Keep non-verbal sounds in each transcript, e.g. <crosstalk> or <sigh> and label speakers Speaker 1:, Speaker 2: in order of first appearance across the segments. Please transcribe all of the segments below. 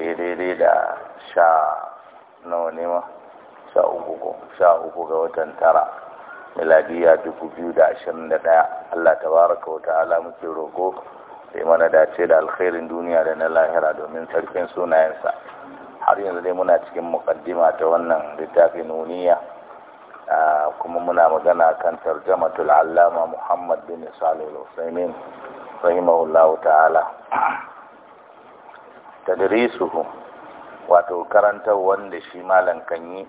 Speaker 1: da daidai da sha nawa ne ma sha uku sha uku ga watan tara miladiya dubu biyu da ashirin da ɗaya Allah tabaraka wa ta'ala muke roƙo sai mana dace da alkhairin duniya da na lahira domin sarfin sunayensa har yanzu dai muna cikin mukaddima ta wannan littafin nuniya kuma muna magana kan tarjamatul allama muhammad bin salihu al rahimahullahu ta'ala tadrisuhu wato karantar wanda shi malam kan yi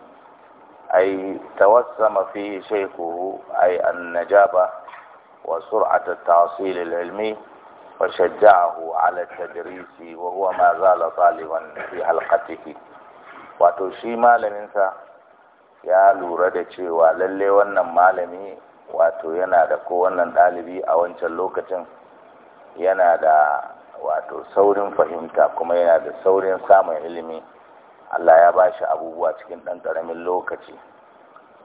Speaker 1: ay tawassama fi shaykhuhu ai an wa sur'at at-tahsil al-ilmi wa shajja'ahu 'ala tadrisi wa huwa ma zala taliban fi halqatihi wato shi malamin sa ya lura da cewa lalle wannan malami wato yana da ko wannan dalibi a wancan lokacin yana da wato saurin fahimta kuma yana da saurin samun ilimi Allah ya ba shi abubuwa cikin ɗan ƙaramin lokaci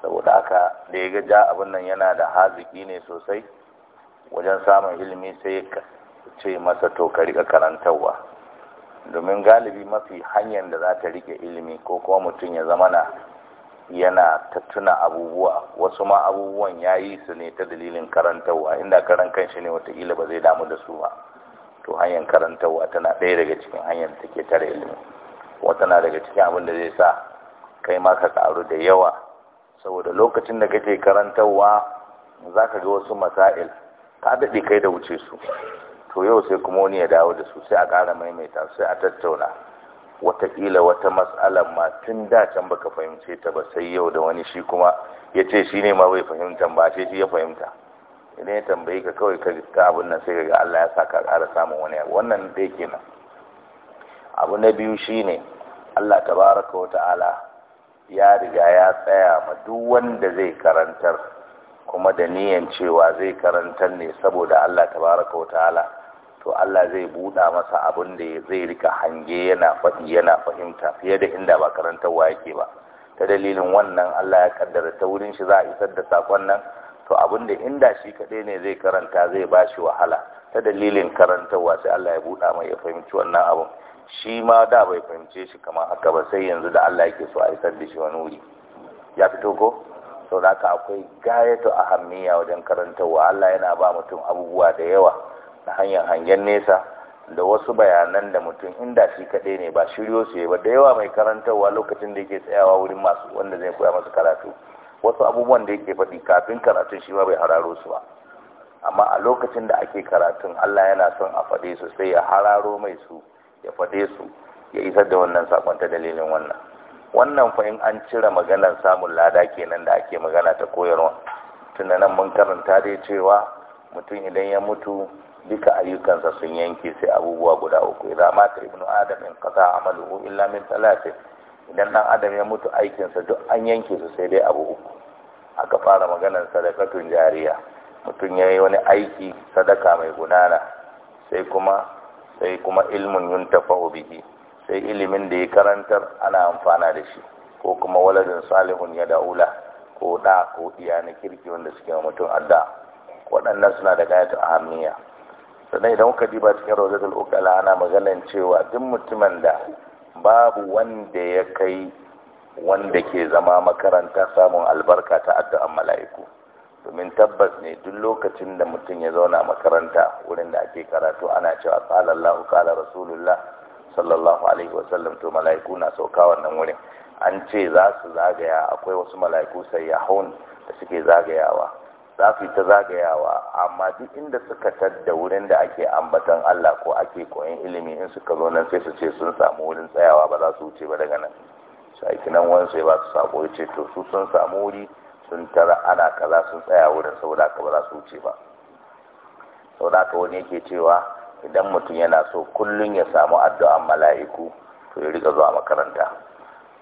Speaker 1: saboda haka da ya gaja abin nan yana da haziki ne sosai wajen samun ilimi sai ya ce masa to ka riƙa karantarwa domin galibi mafi hanyar da za ta riƙe ilimi ko kuma mutum ya zama yana ta tuna abubuwa wasu ma abubuwan ya yi su ne ta dalilin karantarwa inda karan kanshi ne wataƙila ba zai damu da su ba to hanyar karantarwa tana ɗaya daga cikin hanyar da take tare ilimi wata na daga cikin abin da zai sa kai ma ka karu da yawa saboda lokacin da kake karantarwa za ka ga wasu masail ka daɗe kai da wuce su to yau sai kuma wani ya dawo da su sai a ƙara maimaita sai a tattauna wataƙila wata matsalar ma tun da can baka fahimce ta ba sai yau da wani shi kuma ya ce shi ne ma bai fahimta ba sai shi ya fahimta idan ya tambayi ka kawai ka ta abin nan sai ga Allah ya saka ka ƙara samun wani abu wannan dai kenan abu na biyu shine Allah tabaraka wa ta'ala ya riga ya tsaya ma duk wanda zai karantar kuma da niyan cewa zai karantar ne saboda Allah tabaraka wa ta'ala to Allah zai buɗa masa abin da zai rika hange yana faɗi yana fahimta fiye da inda ba karantarwa yake ba ta dalilin wannan Allah ya kaddara ta wurin shi za a isar da sakon nan to abin da inda shi kaɗai ne zai karanta zai ba shi wahala ta dalilin karantarwa sai Allah ya buɗa mai ya fahimci wannan abin shi ma da bai fahimce shi kamar haka ba sai yanzu da Allah yake so a isar da shi wani wuri ya fito ko sau da haka akwai gayatu hamniya wajen karantarwa Allah yana ba mutum abubuwa da yawa na hanyar hangen nesa da wasu bayanan da mutum inda shi kaɗai ne ba shiryo su yi ba da yawa mai karantarwa lokacin da yake tsayawa wurin masu wanda zai koya masu karatu wasu abubuwan da yake faɗi kafin karatun shi ma bai hararo su ba amma a lokacin da ake karatun Allah yana son a faɗe su sai ya hararo mai su ya faɗe su ya isar da wannan sakon ta dalilin wannan wannan fa in an cire maganar samun lada kenan da ake magana ta koyarwa tunda nan mun karanta dai cewa mutum idan ya mutu duka ayyukansa sun yanke sai abubuwa guda uku idan mata ibnu adam in qata amaluhu illa min talatin idan dan adam ya mutu aikinsa duk an yanke su sai dai abu uku aka fara maganar sadakatun jariya mutum ya yi wani aiki sadaka mai gudana sai kuma sai kuma ilmin yuntafahu bihi sai ilimin da ya karantar ana amfana da shi ko kuma waladin salihun ya da'ula ko da ko iya na kirki wanda suke wa mutum adda waɗannan suna da gayatu ahamiya sannan idan kuka diba cikin rozatul ukala ana maganar cewa duk mutumin da babu wanda ya kai wanda ke zama makaranta samun albarka ta addu'an mala'iku domin tabbas ne duk lokacin da mutum ya zauna makaranta wurin da ake karatu ana cewa qala Allahu qala Rasulullah sallallahu alaihi wasallam to mala'iku na sauka wannan wurin an ce za su zagaya akwai wasu mala'iku sayyahun da suke zagayawa za ta zagayawa amma duk inda suka tadda wurin da ake ambatan Allah ko ake koyon ilimi in suka zo nan sai su ce sun samu wurin tsayawa ba za su wuce ba daga nan shaiki nan wani sai ba su sako ya ce to su sun samu wuri sun tara ana kaza sun tsaya wurin saboda ka ba za su wuce ba saboda ka wani yake cewa idan mutum yana so kullum ya samu addu'an mala'iku to ya riga zuwa makaranta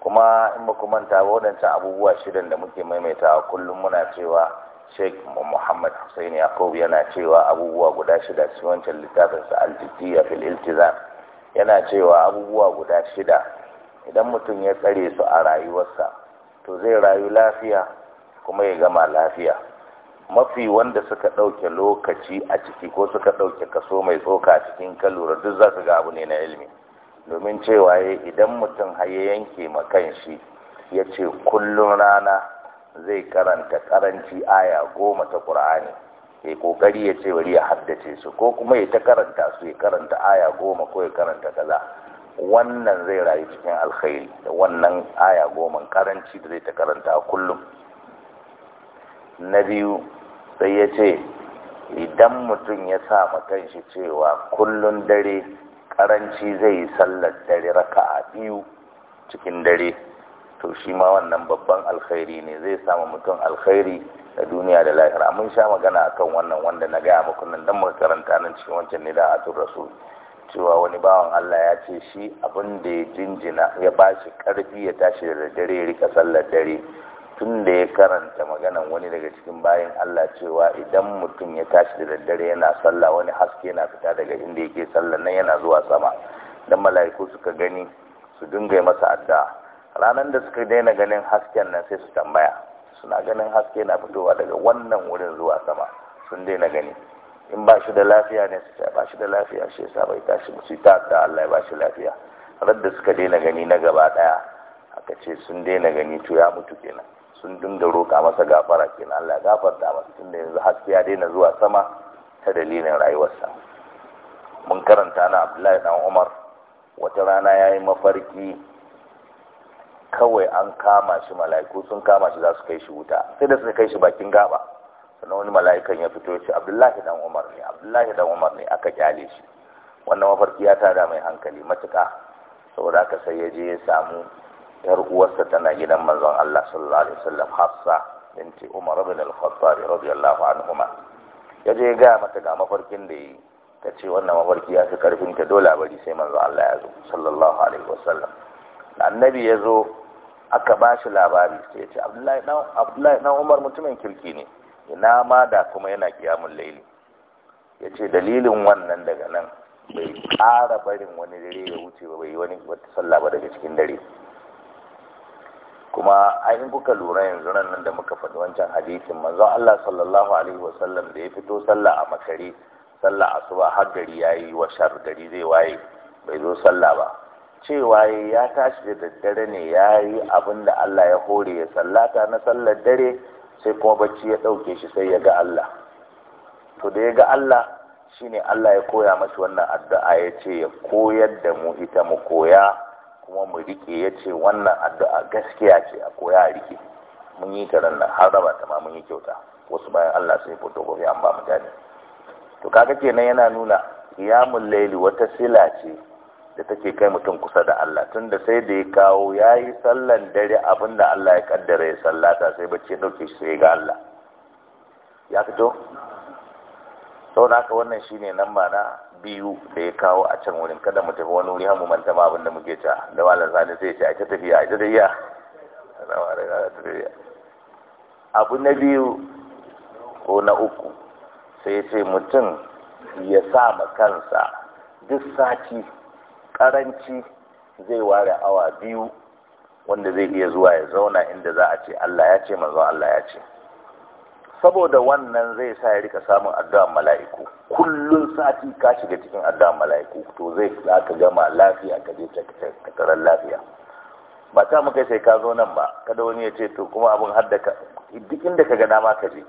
Speaker 1: kuma in ba ku manta waɗancan abubuwa shidan da muke maimaitawa kullum muna cewa sheikh muhammad hussein yakub yana cewa abubuwa guda shida su wancan littafinsa al-fiqhiyya fil iltizam yana cewa abubuwa guda shida idan mutum ya tsare su a rayuwarsa to zai rayu lafiya kuma ya gama lafiya mafi wanda suka ɗauke lokaci a ciki ko suka ɗauke kaso mai tsoka a cikin kalura duk za su ga abu ne na ilimi domin cewa eh, idan mutum har ya yanke ma kan shi ya ce kullum rana zai karanta karanci aya goma ta ƙur'ani ya kokari ya ce bari ya haddace su ko kuma ya ta karanta su ya karanta aya goma ko ya karanta kaza wannan zai rayu cikin alkhairi da wannan aya goma karanci da zai ta karanta a kullum na biyu sai ya ce idan mutum ya sa makan shi cewa kullum dare karanci zai yi sallar dare raka'a biyu cikin dare to shi ma wannan babban alkhairi ne zai samu mutum alkhairi da duniya da lahira mun sha magana akan wannan wanda na gaya muku nan dan muka nan cikin wancan ne da atur rasul cewa wani bawan Allah ya ce shi abin da ya jinjina ya bashi karfi ya tashi da dare ya rika sallar dare tun da ya karanta maganan wani daga cikin bayan Allah cewa idan mutum ya tashi da daddare yana sallah wani haske yana fita daga inda yake sallar nan yana zuwa sama dan mala'iku suka gani su dinga masa addu'a ranar da suka daina ganin hasken nan sai su tambaya suna ganin haske na fitowa daga wannan wurin zuwa sama sun daina gani in ba shi da lafiya ne su ce ba shi da lafiya shi yasa bai tashi ba su ta da Allah ya ba shi lafiya da suka daina gani na gaba daya aka ce sun daina gani to ya mutu kenan sun dinga roƙa masa gafara kenan Allah ya gafarta masa da yanzu haske ya daina zuwa sama ta dalilin rayuwarsa mun karanta na Abdullahi dan Umar wata rana yayi mafarki kawai an kama shi mala'iku sun kama shi za su kai shi wuta sai da suka kai shi bakin gaba sannan wani mala'ikan ya fito ya ce abdullahi dan umar ne abdullahi dan umar ne aka kyale shi wannan mafarki ya tada mai hankali matuka saboda haka sai ya je ya samu yar uwarsa tana gidan manzon Allah sallallahu alaihi wasallam Hafsa binti Umar ibn al-Khattab radiyallahu anhuma ya je ga mata ga mafarkin da yi ta ce wannan mafarki ya fi karfin ta dole bari sai manzon Allah ya zo sallallahu alaihi wasallam annabi ya zo aka ba shi labari sai ya ce abdullahi dan umar mutumin kirki ne ina ma da kuma yana kiyamun laili ya ce dalilin wannan daga nan bai ƙara barin wani dare ya wuce ba bai wani wata sallah ba daga cikin dare kuma ainihin kuka lura yanzu nan da muka faɗi wancan hadisin manzon Allah sallallahu alaihi wasallam da ya fito sallah a makare sallah asuba har gari yayi wa shar gari zai waye bai zo sallah ba cewa ya tashi da daddare ne ya yi abin da Allah ya hore ya sallata na sallar dare sai kuma bacci ya ɗauke shi sai ya ga Allah to da ya ga Allah shine Allah ya koya mashi wannan addu'a ya ce ya koyar da mu ita mu koya kuma mu rike ya ce wannan addu'a gaskiya ce a koya a rike mun yi ta ranar har raba ta ma mun yi kyauta wasu bayan Allah sai fotokofi an ba mutane to kaga kenan yana nuna mun laili wata sila ce da take kai mutum kusa da Allah tun da sai da ya kawo ya yi sallan dare abinda Allah ya kaddara ya sallata sai bacci ya ɗauke shi sai ga Allah ya fito sau da ka wannan shine nan mana na biyu da ya kawo a can wurin kada mu tafi wani wuri hamu manta ma abin da muke ta da malar sani sai ce a ta tafiya a ta tafiya abu na biyu ko na uku sai ce mutum ya sa ma kansa duk sati karanci zai ware awa biyu wanda zai iya zuwa ya zauna inda za a ce Allah ya ce manzon Allah ya ce saboda wannan zai sa ya rika samun addu'an mala'iku
Speaker 2: kullun
Speaker 1: sati ka shiga cikin addu'an mala'iku to zai ka gama lafiya ka je ka lafiya ba ta muka sai ka zo nan ba kada wani ya ce to kuma abin hadda ka duk inda ka ga dama ka je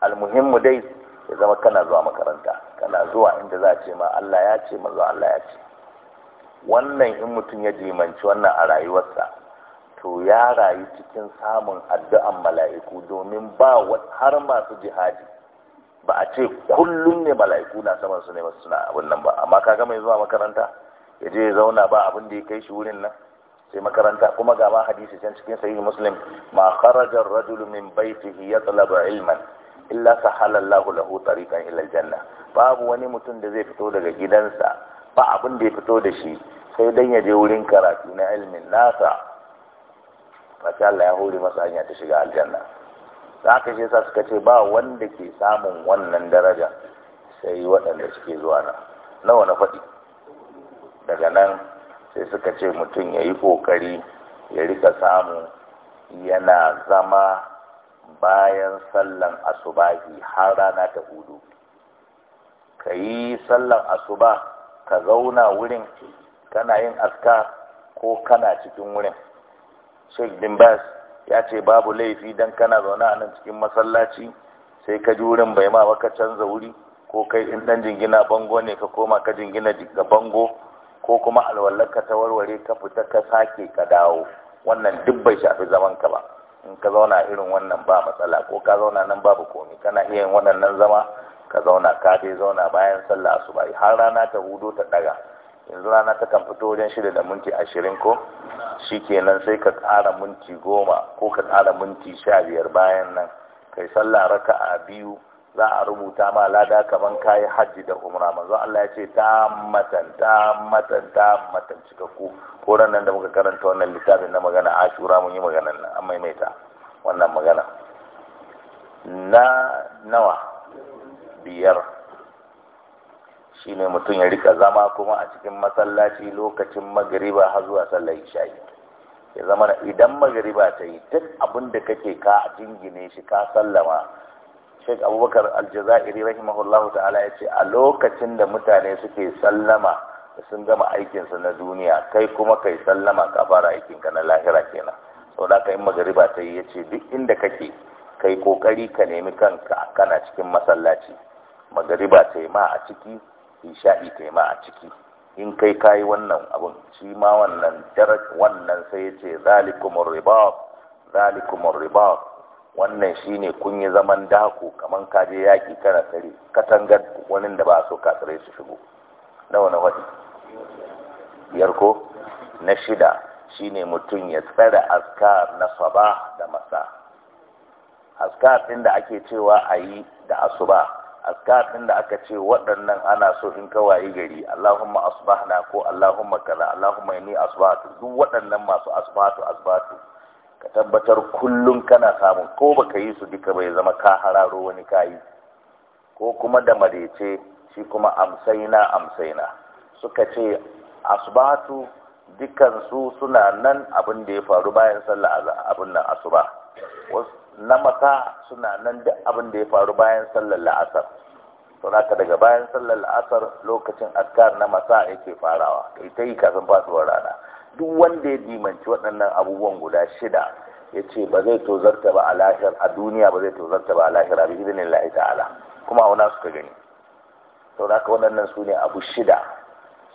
Speaker 1: almuhimmu dai ya zama kana zuwa makaranta kana zuwa inda za a ce ma Allah ya ce manzo Allah ya ce wannan in mutum ya jimanci wannan a rayuwarsa to ya rayu cikin samun addu'an mala'iku domin ba har masu jihadi ba a ce kullum ne mala'iku na saman su ne masu suna abin nan ba amma ka gama zuwa makaranta ya je zauna ba abin da ya kai shi wurin nan sai makaranta kuma ga ma hadisi can cikin sahihi muslim ma kharaja ar-rajul min baytihi yatlabu ilman illa sahala Allahu lahu tariqan ila al-janna babu wani mutum da zai fito daga gidansa ba abin da ya fito da shi sai dan ya je wurin karatu na ilimin nasa masha Allah ya hore masa hanya ta shiga aljanna zaka shi yasa suka ce ba wanda ke samun wannan daraja sai waɗanda suke zuwa na nawa na faɗi daga nan sai suka ce mutum ya yi ƙoƙari ya rika samu yana zama bayan sallan asubahi har rana ta hudu ka yi sallan asuba ka zauna wurin kana yin aska ko kana cikin wurin sheikh bin bas ya ce babu laifi dan kana zauna a nan cikin masallaci sai ka ji wurin bai ma baka ka canza wuri ko kai in dan jingina bango ne ka koma ka jingina ga bango ko kuma alwallar ka ta warware ka fita ka sake ka dawo wannan duk bai shafi zaman ka ba in ka zauna irin wannan ba matsala ko ka zauna nan babu komai kana iya yin waɗannan zama ka zauna ka dai zauna bayan sallah asuba har rana ta hudu ta daga yanzu rana ta kan fito wajen shida da minti ashirin ko shi kenan sai ka ƙara minti goma ko ka ƙara minti sha biyar bayan nan kai sallah raka'a biyu za a rubuta ma lada kaman kayi hajji da umra manzo Allah ya ce ta matan ta matan ta matan cikakku ko nan da muka karanta wannan littafin na magana ashura mun yi maganan nan an maimaita wannan magana na nawa biyar shi ne mutum ya rika zama kuma a cikin masallaci lokacin magariba har zuwa sallar isha'i ya zama idan magariba ta yi duk abin da kake ka jingine shi ka sallama shek Abubakar Aljazairi rahimahullahu ta'ala ya ce a lokacin da mutane suke sallama da sun gama aikinsa na duniya kai kuma kai sallama ka fara aikinka na lahira kenan sau da in magariba ta yi ya ce duk inda kake kai kokari ka nemi kanka kana cikin masallaci magariba ta yi ma a ciki isha'i ta yi ma a ciki in kai kayi wannan abun shi ma wannan darak wannan sai ya ce zalikumar ribat zalikumar riba! wannan shi ne kun yi zaman dako kamar ka je kana tsare katangar wani da ba so ka su shigo na wani biyar ko na shida shine mutum ya tsara askar na sabah da masa askar ɗin da ake cewa ayi da asuba askar da aka ce waɗannan ana so in ka kawai gari Allahumma asbahna ko Allahumma kaza Allahumma inni asbahtu duk waɗannan masu asbahtu asbahtu ka tabbatar kullum kana samu ko baka yi su duka bai zama ka hararo wani kayi ko kuma da marece shi kuma amsaina amsaina suka ce asbahtu dukansu suna nan abin da ya faru bayan sallah abin nan asuba na mata suna nan duk abin da ya faru bayan sallar la'asar to naka daga bayan sallar la'asar lokacin askar na masa yake farawa kai ta yi kafin fasuwar rana duk wanda ya dimanci waɗannan abubuwan guda shida ya ce ba zai tozarta ba a lahir a duniya ba zai tozarta ba a lahir a bi ta'ala kuma a wana suka gani to waɗannan su abu shida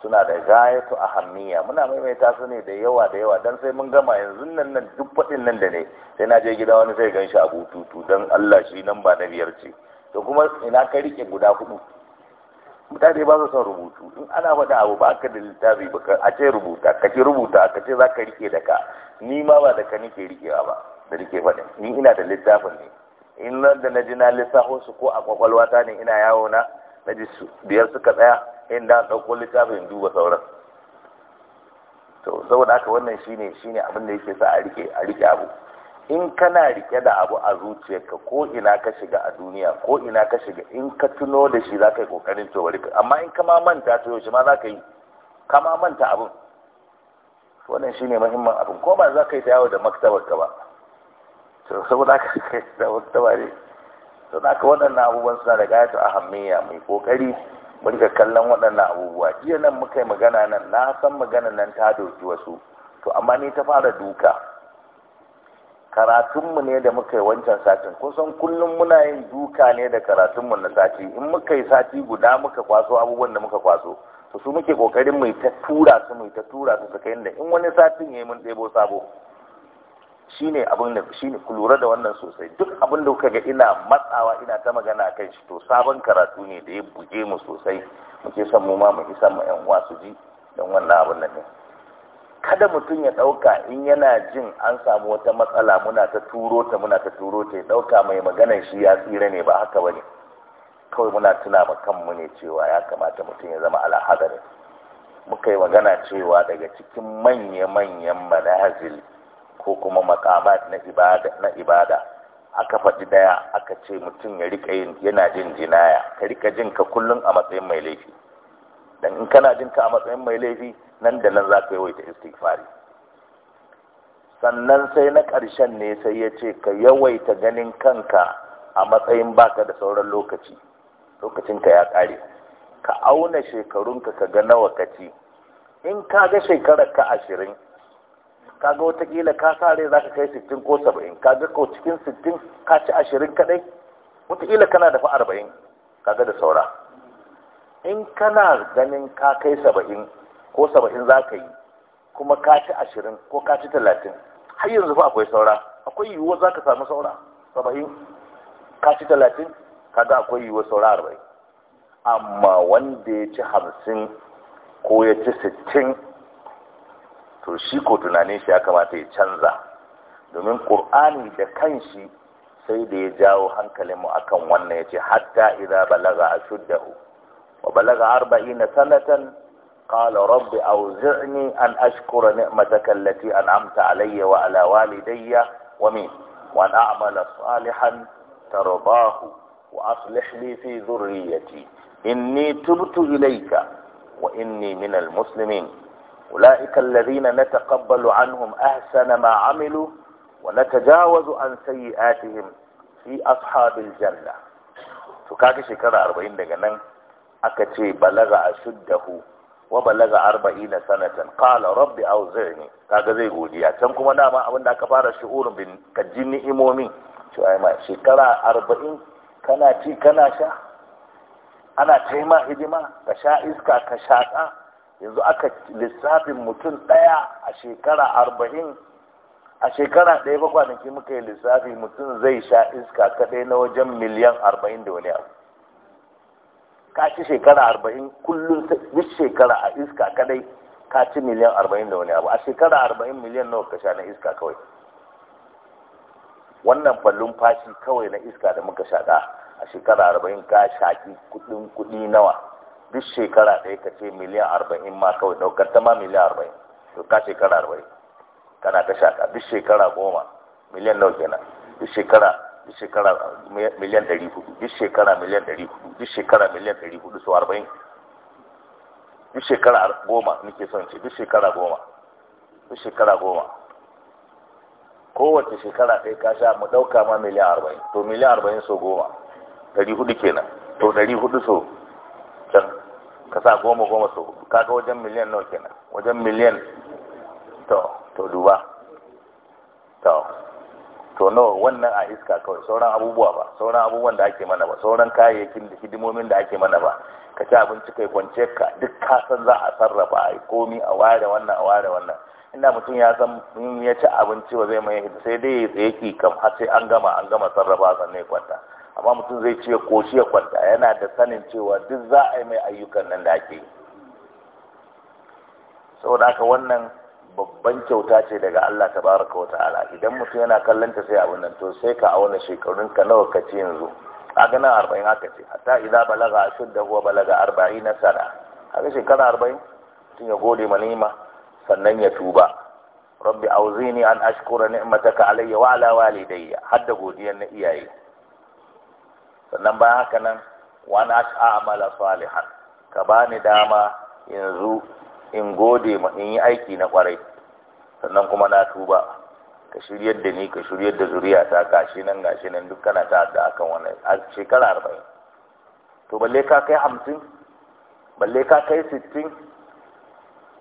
Speaker 1: suna da gayatu a hammiya muna maimaita su ne da yawa da yawa dan sai mun gama yanzu nan nan duk faɗin nan da ne sai na je gida wani sai ganshi a bututu dan Allah shi nan ba na biyar ce to kuma ina ka rike guda hudu mutane ba su son rubutu in ana faɗa abu ba ka da littafi ba a ce rubuta ka ce rubuta ka ce za ka rike da ka ni ma ba da ka ke rikewa ba da rike faɗin ni ina da littafin ne in nan da na ji na lissafo su ko a kwakwalwata ne ina yawo na na ji biyar suka tsaya inda da ɗauko littafin duba sauran to saboda haka wannan shine shine abin da yake sa a rike a rike abu in kana rike da abu a zuciyarka ko ina ka shiga a duniya ko ina ka shiga in ka tuno da shi zaka yi kokarin to bari amma in ka ma manta to yaushe ma zaka yi ka ma manta abin wannan shine muhimmin abin ko ba za ka yi ta yawo da maktabar ka ba to saboda haka da <laughs> maktaba ne to waɗannan abubuwan suna da a hamiya mai kokari mu rika kallon waɗannan abubuwa jiya nan muka yi magana nan na san magana nan ta doki wasu to amma ni ta fara duka karatunmu ne da muka yi wancan satin kusan kullum muna yin duka ne da karatunmu na sati in muka yi sati guda muka kwaso abubuwan da muka kwaso to su muke kokarin mu ta tura su mu ta tura su su kai inda in wani satin ya yayi mun ɗebo sabo ne abin da shi ku lura da wannan sosai duk abin da kuka ga ina matsawa ina ta magana a kan shi to sabon karatu ne da ya buge mu sosai muke son mu ma mu isa mu yan uwa su ji don wannan abin nan ne kada mutum ya dauka in yana jin an samu wata matsala muna ta turo ta muna ta turo ta ya dauka mai magana shi ya tsira ne ba haka bane kawai muna tuna ma kanmu ne cewa ya kamata mutum ya zama alhadari muka yi magana cewa daga cikin manya-manyan Manazil. ko kuma makamat na ibada na ibada aka faɗi daya aka ce mutum ya rika yin yana jin jinaya ka rika jin ka kullun a matsayin mai laifi dan in kana jin ka a matsayin mai laifi nan da nan za ka yawaita istighfari sannan sai na ƙarshen ne sai ya ce ka yawaita ganin kanka a matsayin baka da sauran lokaci lokacinka ya ƙare ka auna shekarunka ka ga nawa kaci in ka ga shekarar ka ashirin kaga watakila ka sa rai ka kai sittin ko saba'in kaga ko cikin sittin ka ci ashirin kadai watakila kana dafa fa arba'in kaga da saura in kana ganin ka kai saba'in ko saba'in za ka yi kuma ka ci ashirin ko ka ci talatin har yanzu fa akwai saura akwai yiwuwar za ka samu saura saba'in ka ci talatin kaga akwai yiwuwar saura arba'in amma wanda ya ci hamsin ko ya ci sittin to shi ko tunanin shi ya kamata ya canza domin qur'ani da kanshi sai da ya jawo hankalinmu akan wannan yace hatta idza balaga ashuddahu wa balaga 40 sanatan qala rabbi awzi'ni an ashkura ni'mataka allati an'amta alayya wa ala walidayya wa min wa a'mala salihan tarbahu wa aslih li fi dhurriyyati inni tubtu ilayka wa inni minal muslimin أولئك الذين نتقبل عنهم أحسن ما عملوا ونتجاوز عن سيئاتهم في أصحاب الجنة تكاكي شكرا أربعين دقنا أكتي بلغ أشده وبلغ أربعين سنة قال رب أوزعني kaga zai godiya can kuma dama abinda da aka fara shi'urin bin kajin ni'imomi cewa arba'in kana ci kana sha ana taima hidima ka sha iska ka shaƙa yanzu aka lissafin mutum ɗaya a shekara arba'in a shekara ɗaya ba kwanaki muka yi lissafi mutum zai sha iska kaɗai na wajen miliyan arba'in da wani abu ka ci shekara arba'in kullum duk shekara a iska kaɗai ka ci miliyan arba'in da wani abu a shekara arba'in miliyan nawa ka sha na iska kawai wannan fallon fashi kawai na iska da muka shaƙa a shekara arba'in ka shaƙi kuɗin kuɗi nawa duk shekara ɗaya ka ce miliyan arba'in ma kawai ɗaukar ta ma miliyan arba'in to ka shekara arba'in kana ta shaka duk shekara goma miliyan nawa kenan duk shekara duk shekara miliyan ɗari hudu duk shekara miliyan ɗari hudu duk shekara miliyan ɗari hudu su arba'in duk shekara goma nake son ce duk shekara goma duk shekara goma kowace shekara ɗaya ka sha mu ɗauka ma miliyan arba'in to miliyan arba'in so goma ɗari hudu kenan to ɗari hudu so can ka sa goma goma su kaga wajen miliyan nawa kenan wajen miliyan to to duba to to nawa wannan a iska kawai sauran abubuwa ba sauran abubuwan da ake mana ba sauran kayayyakin da hidimomin da ake mana ba ka ci abinci kai kwance ka duk ka san za a sarrafa a yi komi a ware wannan a ware wannan inda mutum ya san ya ci abinci ba zai mai sai dai ya tsaye kam har sai an gama an gama sarrafa sannan ya kwanta amma mutum zai ce koshi ya kwanta yana da sanin cewa duk za a yi mai ayyukan nan da ake yi saboda haka wannan babban kyauta ce daga Allah ta baraka wa ta'ala idan mutum yana kallon ta sai abin nan to sai ka auna shekarun ka nawa ka ce yanzu kaga nan arba'in haka ce hatta idan balaga da huwa balaga arba'in na sana ga shekara arba'in mutum ya gode ma nima sannan ya tuba rabbi auzini an ashkura ni'mataka alayya wa ala walidayya hadda godiyan na iyaye sannan bayan haka nan wani a'amala salihan ka bani dama yanzu in gode ma in yi aiki na kwarai sannan kuma na tuba ka shiryar da ni ka shiryar da zuriya ta gashi nan gashi nan duk kana ta da akan wannan a shekara arba'in to balle ka kai hamsin balle ka kai sittin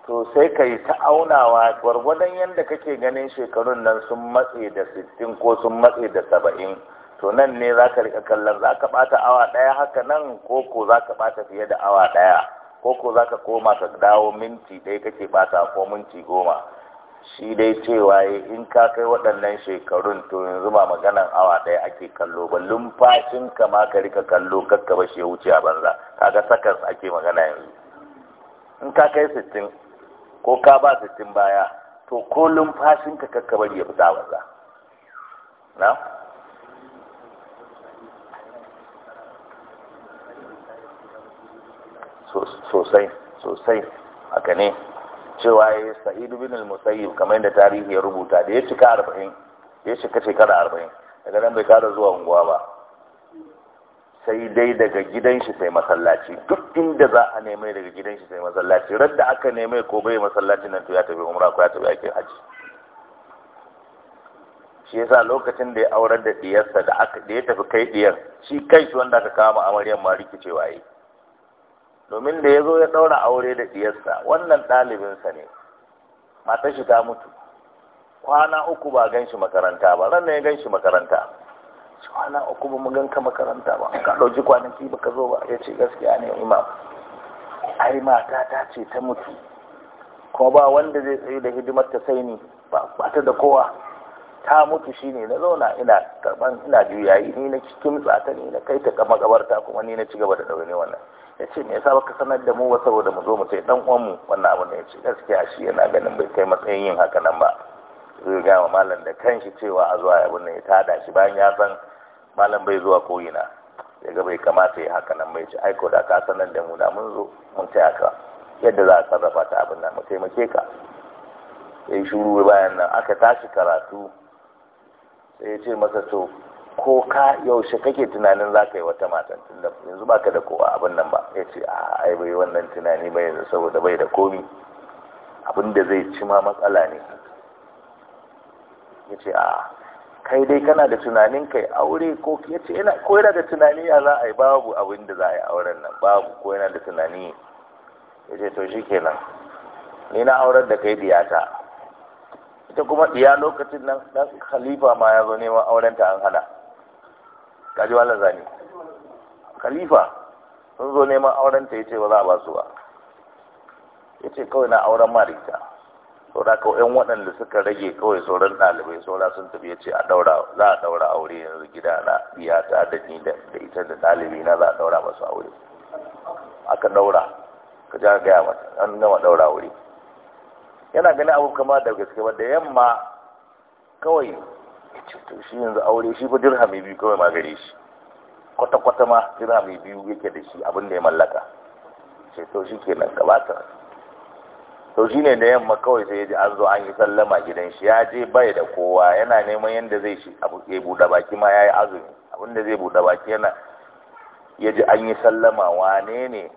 Speaker 1: to sai ka yi ta aunawa gwargwadon yadda kake ganin shekarun nan sun matse da sittin ko sun matse da saba'in to nan ne za ka rika kallon za ka ɓata awa ɗaya haka nan ko ko za ka ɓata fiye da awa ɗaya ko ko za ka koma ka dawo minti ɗaya kake bata ko minti goma shi dai cewa in ka kai waɗannan shekarun to yanzu ba maganan awa ɗaya ake kallo ba lumfashin ka ma ka rika kallo kakka ba shi ya wuce a banza kaga sakas ake magana yanzu in ka kai sittin ko ka ba sittin baya to ko lumfashin ka kakka bari ya fita banza na sosai sosai haka ne cewa ya yi sa'idu bin al-musayyib kamar yadda tarihi ya rubuta da ya cika arba'in ya cika shekara arba'in daga nan bai kada zuwa unguwa ba sai dai daga gidan shi sai masallaci duk inda za a neme daga gidan shi sai masallaci radda aka neme ko bai masallaci nan to ya tafi umra ko ya tafi aikin hajji shi yasa lokacin da ya aurar da diyarsa da aka da ya tafi kai diyar shi kai shi wanda aka kama amaryan ma rikicewa yi domin da ya zo ya ɗaura aure da ɗiyarsa wannan ɗalibinsa ne mata shi ta mutu kwana uku ba gan shi makaranta ba ranar ya gan shi makaranta kwana uku ba mu gan ka makaranta ba ka ɗauki kwanaki ba ka zo ba ya ce gaskiya ne imam ai mata ta ce ta mutu kuma ba wanda zai tsaye da hidimar ta sai ni ba ta da kowa ta mutu shine na zauna ina karban ina juyayi ni na kimtsa ta ni na kai ta makabarta kuma ni na ci gaba da ɗaure wannan ya ce me yasa baka sanar da mu ba saboda mu zo mu sai dan uwan mu wannan abu ne ya ce gaskiya shi yana ganin bai kai matsayin yin haka nan ba zai ga malam da kanshi cewa a zuwa abin nan ya tada shi bayan ya san malam bai zuwa koyina ya ga bai kamata ya haka nan bai ce aiko da ka sanar da mu da mun zo mun taya ka yadda za a sarrafa ta abin nan mu taimake ka ya yi shuru bayan nan aka tashi karatu sai ya ce masa to ko ka yaushe kake tunanin za ka yi wata matan tunda yanzu ba ka da kowa abin nan ba ya ce a ai bai wannan tunani ba yanzu saboda bai da komi abin da zai ci ma matsala ne ya ce a kai dai kana da tunanin kai aure ko ya ce yana ko yana da tunani ya za a yi babu abin da za a yi auren nan babu ko yana da tunani ya ce to shi kenan ni na auren da kai diyata ita kuma diya lokacin nan dan khalifa ma ya zo neman aurenta an hana kaji wallan zani khalifa sun zo neman auren ta yace ba za a ba su ba yace kawai na auren Sau da ita kawai yan waɗanda suka rage kawai sauran ɗalibai saura sun tafi ya ce a daura za a daura aure yanzu gida na biya ta da ni da ita da ɗalibi na za a daura masu aure aka daura ka ja gaya mata an gama daura aure yana ganin abu kama da gaske ba da yamma kawai to shi yanzu aure shi fi dirhami biyu kawai ma gare shi kwata-kwata ma dirhami biyu yake da shi abin da ya mallaka ce to shi nan gabatar to shi ne da yamma kawai sai yaji an zo an yi sallama gidan shi ya je bai da kowa yana neman yadda zai shi abu ke buɗe baki ma ya yi azumi abin da zai buɗe baki yana ya ji an yi sallama wane ne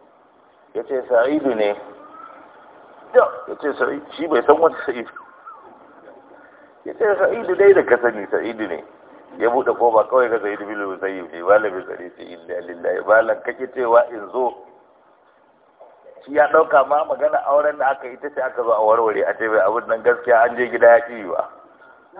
Speaker 1: ya ce sa'idu ne ya ce sa'idu shi bai san wani sa'idu ya ce sa'idu dai da kasani, sa'idu ne ya buɗe ko ba kawai ga sa'idu bin musayyib eh, ne ba labin sare ce illa lillahi ba lan kake cewa in zo shi ya ɗauka ma magana auren da aka yi ta ce aka zo a warware a ce bai abin nan gaskiya an je gida ya ƙi ba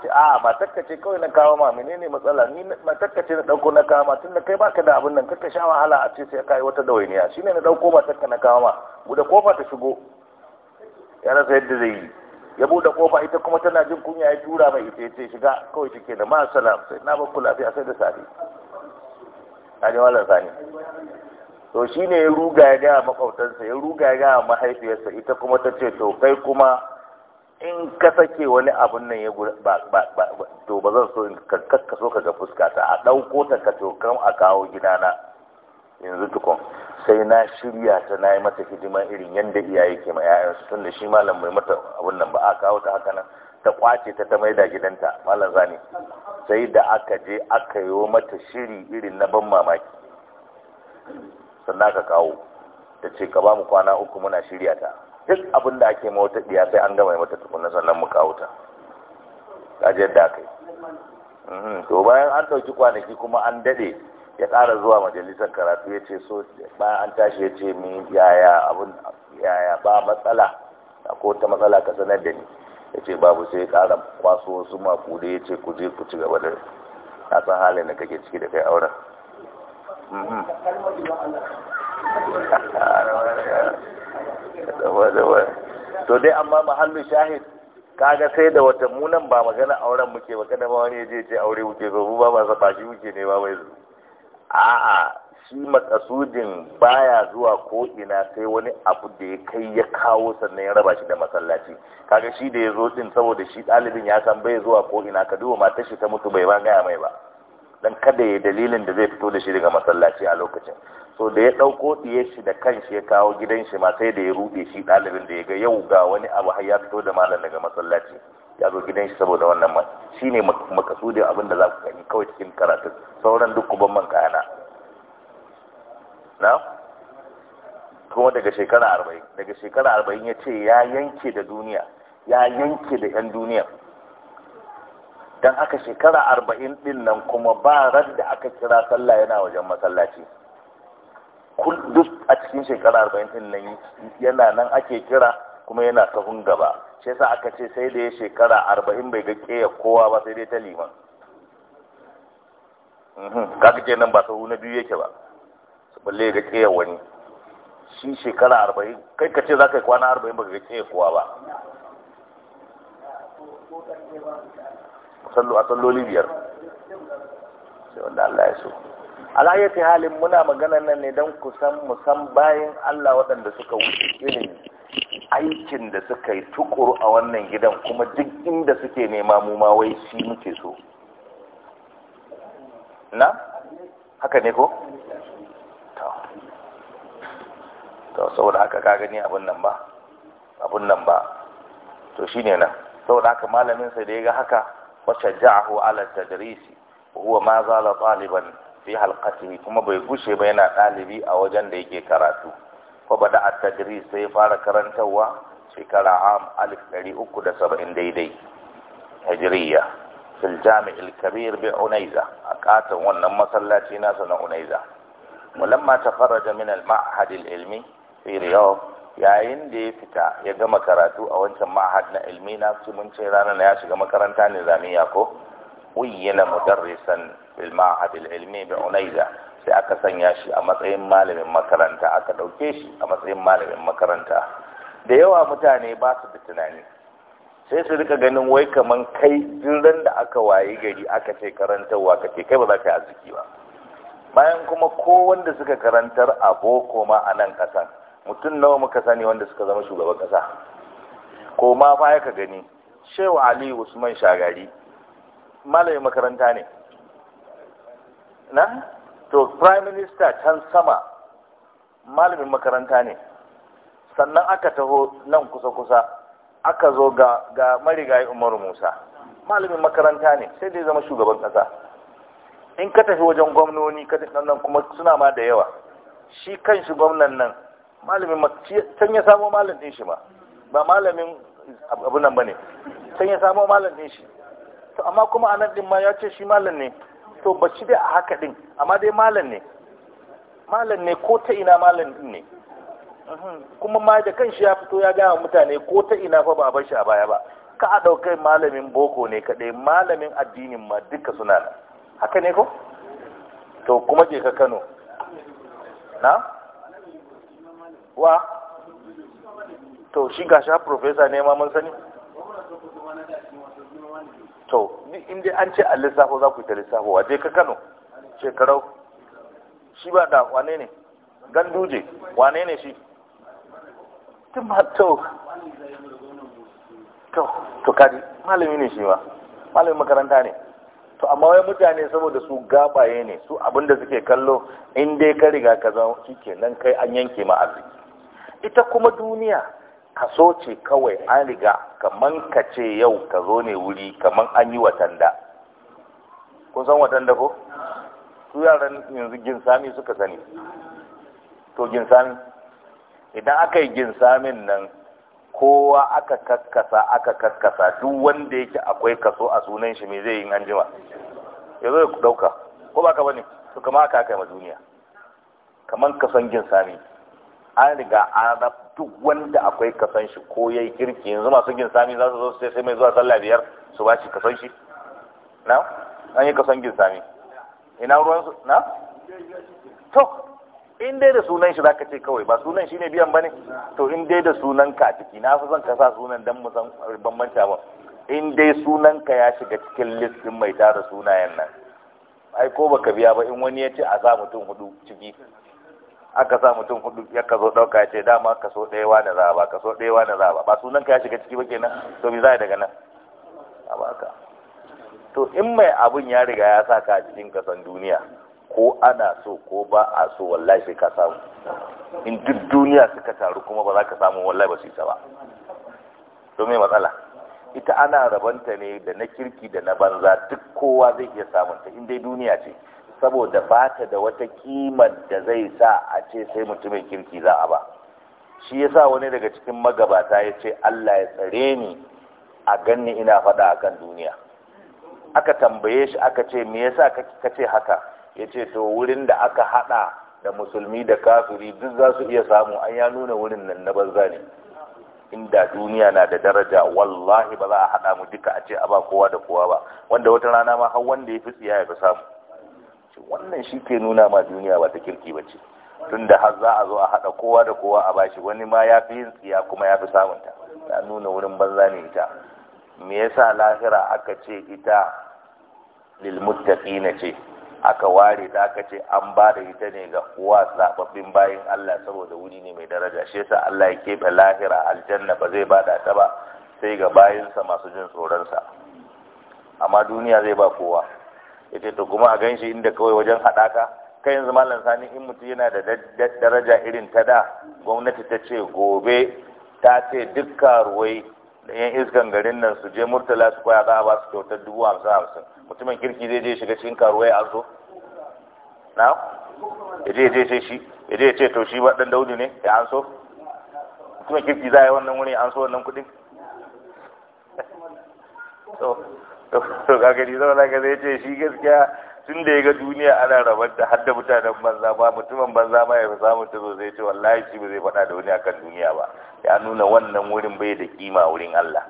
Speaker 1: ce a matakka ce kawai na kawo ma menene matsala ni matakka ce na ɗauko na kawo ma tunda kai baka da abin nan kaka sha wahala a ce sai ka yi wata dawainiya shine na ɗauko matakka na kawo ma buɗe kofa ta shigo ya rasa yadda zai yi ya bude kofa ita kuma tana jin kunya ya tura mai ita ce shiga kawai ke da ma'a salam sai na ba kula lafiya sai da safe ne wala sani to shine ya ruga ya gaya makwautansa ya ruga ya gaya mahaifiyarsa ita kuma ta ce to kai kuma in ka sake wani abun nan ya ba ba to ba zan so in ka so ka ga fuska ta a ɗauko ta ka to kam a kawo gidana yanzu tukun sai na shirya ta na yi mata hidima irin yadda iyaye ke ma 'ya'yansu tunda shi malam bai mata abun nan ba a kawo ta haka nan ta kwace ta ta maida gidanta malam zane sai da aka je aka yi mata shiri irin na ban mamaki sannan ka kawo ta ce ka ba mu kwana uku muna shirya ta duk abin da ake mawata ɗiya sai an gama mata tukunan sannan mu kawo ta ta je da aka yi mhm, to bayan an ɗauki kwanaki kuma an daɗe ya ƙara zuwa majalisar karatu ya ce so bayan an tashi ya ce mi yaya abun yaya ba matsala ko ta matsala ka sanar da ni ya ce babu sai ya ƙara kwaso wasu makude ya ce ku je ku ci gaba da na san halin da kake ciki da kai mm-hmm. auren <laughs> to dai amma mahallin shahid kaga sai da wata munan ba magana auren muke ba kada ma wani ya je ce aure muke ba mu ba ba sa fashi muke ne ba bai zuwa a'a shi makasudin baya zuwa ko ina sai wani abu da ya kai ya kawo sannan ya raba shi da masallaci kaga shi da ya zo din saboda shi ɗalibin ya san bai zuwa ko ina ka duba matar shi ta mutu bai ba gaya mai ba dan kada ya dalilin da zai fito da shi daga masallaci a lokacin so da ya ɗauko ɗiye shi da kanshi ya kawo gidan shi ma sai da ya ruɗe shi ɗalibin da ya ga yau ga wani abu har ya fito da malam daga masallaci ya zo gidan shi saboda wannan man shi ne makasudin abin da za ku gani kawai cikin karatun sauran duk kuma man kayana na kuma daga shekara arba'in daga shekara arba'in ya ce ya yanke da duniya ya yanke da yan duniya don aka shekara arba'in din nan kuma ba ran da aka kira sallah yana wajen masallaci duk a cikin shekara arba'in din nan yana nan ake kira kuma yana kafin gaba shi yasa aka ce sai da ya shekara arba'in bai ga ƙeya kowa ba sai dai ta liman mhm. kaka ce nan ba sahu na biyu yake ba su balle ga keya wani shi shekara arba'in kai ka ce za ka yi kwana arba'in ba ga ƙeya kowa ba
Speaker 2: sallu a salloli biyar
Speaker 1: sai wanda Allah ya so alayyati halin muna magana nan ne don kusan musan bayan Allah waɗanda suka wuce irin aikin da suka yi tukuru a wannan gidan kuma duk inda suke nema mu ma wai shi muke so na haka ne ko to saboda haka ka gani abun nan ba abun nan ba to shine nan saboda haka malamin sai da yaga haka wa shaja'ahu ala tadris huwa ma zala taliban fi halqatihi kuma bai gushe ba yana dalibi a wajen da yake karatu fa a at-tadris sai fara karantarwa shekara am 1370 daidai hijriya fil jami' kabir bi unaiza a katon wannan masallaci nasa na unaiza walamma tafarraja min al-ma'had al-ilmi fi riyadh yayin da ya fita ya gama karatu a wancan ma'had na ilmi na mun ce ranar ya shiga makaranta nizamiya ko uyyana mudarrisan fil ma'had al-ilmi bi unaiza sai aka sanya shi a matsayin malamin makaranta aka ɗauke shi a matsayin malamin makaranta da yawa mutane ba su da tunani sai su rika ganin wai kamar kai jirgin da aka waye gari aka ce karantarwa ka ce kai ba za ka yi arziki ba bayan kuma ko wanda suka karantar a boko ma a nan kasa, mutum nawa muka sani wanda suka zama shugaban kasa? ko ma baya ka gani shehu ali usman shagari malamin makaranta ne na to prime minister can sama malamin makaranta ne sannan aka taho nan kusa-kusa aka zo ga, ga marigayi umaru musa malamin makaranta ne sai dai zama shugaban kasa. in ka tafi wajen gwamnoni ka tafi nan kuma suna ma da yawa shi kan shi gwamnan nan malamin can ya samo malam ɗin shi ma ba malamin abu nan ba ne can ya samo malam ɗin shi to amma kuma a nan ɗin ma ya ce shi malam ne to ba shi da a haka din amma dai malam ne malam ne ko ta ina malam din ne kuma ma da kanshi ya fito ya gaya mutane ko ta ina fa ba bar shi a baya ba ka a ɗaukai malamin boko ne kaɗai malamin addinin ma duka suna nan haka ne ko to kuma je ka kano na wa to shi gasha profesa ne ma mun sani to in dai an ce a lissafo za ku yi ta lissafo a je ka kano shekarau shi ba da wane ne ganduje wane ne shi to to to kadi malami ne shi ma malami makaranta ne to amma wai mutane saboda su gabaye ne su abinda suke kallo in dai ka riga ka zama kenan kai an yanke ma arziki ita kuma duniya kaso ce kawai an riga kaman ka ce yau ka zo ne wuri kaman an yi watanda kun san watanda ko su yaran yanzu ginsami suka sani to ginsami idan aka yi ginsamin nan kowa aka kakkasa aka kakkasa duk wanda yake akwai kaso a sunan shi me zai yi an jima ya zo ya dauka ko ba ka bane to kama aka aka yi ma duniya kaman gin ginsami an riga an rab duk wanda akwai kasan shi ko yayi kirki yanzu masu gin sami za su zo sai sai mai zuwa sallah biyar su ba shi kasan shi na an yi kasan gin sami ina ruwan su na to in dai da sunan shi zaka ce kawai ba sunan shi ne biyan bane to in dai da sunan ka a ciki na fi son ka sa sunan dan mu san bambanta ba in dai sunan ka ya shiga cikin listin mai tara sunayen nan ai ko baka biya ba in wani ya ce a sa mutum hudu ciki aka sa mutum hudu ya zo ɗauka ya ce dama kaso ɗaya wa da za ba kaso ɗaya wa da za ba ba sunan ka ya shiga ciki ba kenan to bi za daga nan a baka to in mai abin ya riga ya sa ka cikin kasan duniya ko ana so ko ba a so wallahi sai ka samu in duk duniya suka taru kuma ba za ka samu wallahi ba su yi ba to me matsala ita ana rabanta ne da na kirki da na banza duk kowa zai iya samunta in dai duniya ce saboda bata da wata kimar da zai sa a ce sai mutumin kirki za a ba shi ya sa wani daga cikin magabata ya ce Allah ya tsare ni a ganni ina faɗa a kan duniya aka tambaye shi aka ce me yasa ka ce haka ya ce to wurin da aka haɗa da musulmi da kafiri duk za su iya samu an ya nuna wurin nan na banza ne inda duniya na da daraja wallahi ba za a haɗa mu duka a ce a ba kowa da kowa ba wanda wata rana ma har wanda ya fi tsiya ya fi samu wannan shi ke nuna ma duniya ba ta kirki ba ce tun da har za a zo a haɗa kowa da kowa a bashi wani ma ya fi yin tsiya kuma ya fi samunta ta nuna wurin banza ne ita me yasa lahira aka ce ita lilmuttaqina ce aka ware ta aka ce an ba da ita ne ga uwa sababbin bayan Allah saboda wuri ne mai daraja shi yasa Allah ya kefe lahira aljanna ba zai bada ta ba sai ga bayansa masu jin tsoronsa amma duniya zai ba kowa ya ce to kuma a gan shi inda kawai wajen haɗaka kai yanzu malam sani in mutum yana da daraja irin ta da gwamnati ta ce gobe ta ce duk karuwai da yan iskan garin nan su je murtala su kwaya za a ba su kyautar dubu hamsin hamsin mutumin kirki zai je shiga cikin karuwai a so na ya je ya ce shi yaje ce to shi ba dan daudu ne ya an so mutumin kirki za a yi wannan wuri an so wannan kuɗin
Speaker 2: <laughs> to
Speaker 1: ga gari zauna ga zai ce shi gaskiya tun da ya ga duniya ana rabar da hadda mutanen banza ba mutumin banza ma ya samu tazo zai ce wallahi shi ba zai faɗa da wani akan duniya ba ya nuna wannan wurin bai da kima wurin Allah